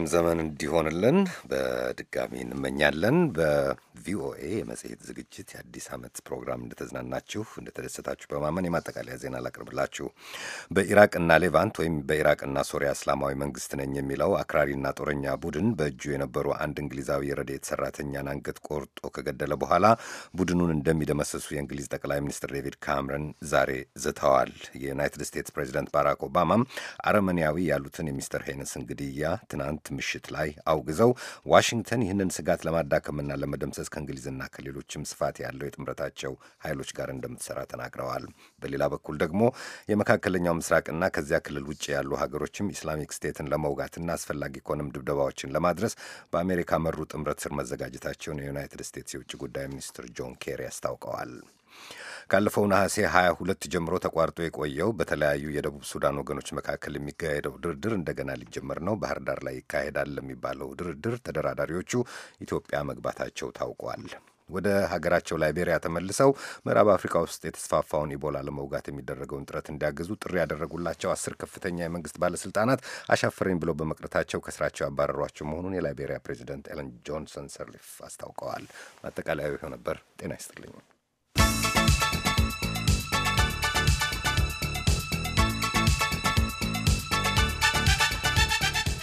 መልካም ዘመን እንዲሆንልን በድጋሚ እንመኛለን። ቪኦኤ የመጽሔት ዝግጅት የአዲስ ዓመት ፕሮግራም እንደተዝናናችሁ እንደተደሰታችሁ በማመን የማጠቃለያ ዜና ላቅርብላችሁ። በኢራቅና ሌቫንት ወይም በኢራቅና ሶሪያ እስላማዊ መንግስት ነኝ የሚለው አክራሪና ጦረኛ ቡድን በእጁ የነበሩ አንድ እንግሊዛዊ የረድኤት ሰራተኛን አንገት ቆርጦ ከገደለ በኋላ ቡድኑን እንደሚደመሰሱ የእንግሊዝ ጠቅላይ ሚኒስትር ዴቪድ ካምረን ዛሬ ዝተዋል። የዩናይትድ ስቴትስ ፕሬዚደንት ባራክ ኦባማም አረመኒያዊ ያሉትን የሚስተር ሄነስን ግድያ ትናንት ምሽት ላይ አውግዘው ዋሽንግተን ይህንን ስጋት ለማዳከምና ለመደምሰስ ከእንግሊዝና ከሌሎችም ስፋት ያለው የጥምረታቸው ኃይሎች ጋር እንደምትሰራ ተናግረዋል። በሌላ በኩል ደግሞ የመካከለኛው ምስራቅና ከዚያ ክልል ውጭ ያሉ ሀገሮችም ኢስላሚክ ስቴትን ለመውጋትና አስፈላጊ ከሆነም ድብደባዎችን ለማድረስ በአሜሪካ መሩ ጥምረት ስር መዘጋጀታቸውን የዩናይትድ ስቴትስ የውጭ ጉዳይ ሚኒስትር ጆን ኬሪ አስታውቀዋል። ካለፈው ነሐሴ 22 ጀምሮ ተቋርጦ የቆየው በተለያዩ የደቡብ ሱዳን ወገኖች መካከል የሚካሄደው ድርድር እንደገና ሊጀመር ነው። ባህር ዳር ላይ ይካሄዳል ለሚባለው ድርድር ተደራዳሪዎቹ ኢትዮጵያ መግባታቸው ታውቋል። ወደ ሀገራቸው ላይቤሪያ ተመልሰው ምዕራብ አፍሪካ ውስጥ የተስፋፋውን ኢቦላ ለመውጋት የሚደረገውን ጥረት እንዲያገዙ ጥሪ ያደረጉላቸው አስር ከፍተኛ የመንግስት ባለስልጣናት አሻፈረኝ ብለው በመቅረታቸው ከስራቸው ያባረሯቸው መሆኑን የላይቤሪያ ፕሬዚደንት ኤለን ጆንሰን ሰርሊፍ አስታውቀዋል። ማጠቃለያዊ ይኸው ነበር። ጤና ይስጥልኝ።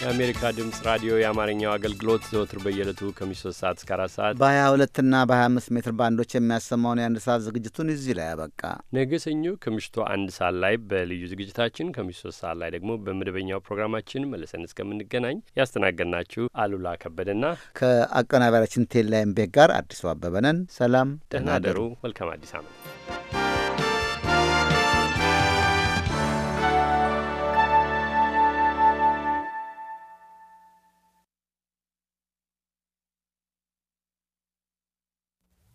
የአሜሪካ ድምፅ ራዲዮ የአማርኛው አገልግሎት ዘወትር በየዕለቱ ከምሽቱ 3 ሰዓት እስከ 4 ሰዓት በሀያ 22 እና በ25 ሜትር ባንዶች የሚያሰማውን የአንድ ሰዓት ዝግጅቱን እዚህ ላይ ያበቃ። ነገ ሰኞ ከምሽቱ አንድ ሰዓት ላይ በልዩ ዝግጅታችን፣ ከምሽቱ 3 ሰዓት ላይ ደግሞ በመደበኛው ፕሮግራማችን መልሰን እስከምንገናኝ ያስተናገድናችሁ አሉላ ከበደና ከአቀናባሪያችን ቴሌ ላይምቤክ ጋር አዲሱ አበበ ነን። ሰላም፣ ደህና ደሩ። መልካም አዲስ አመት።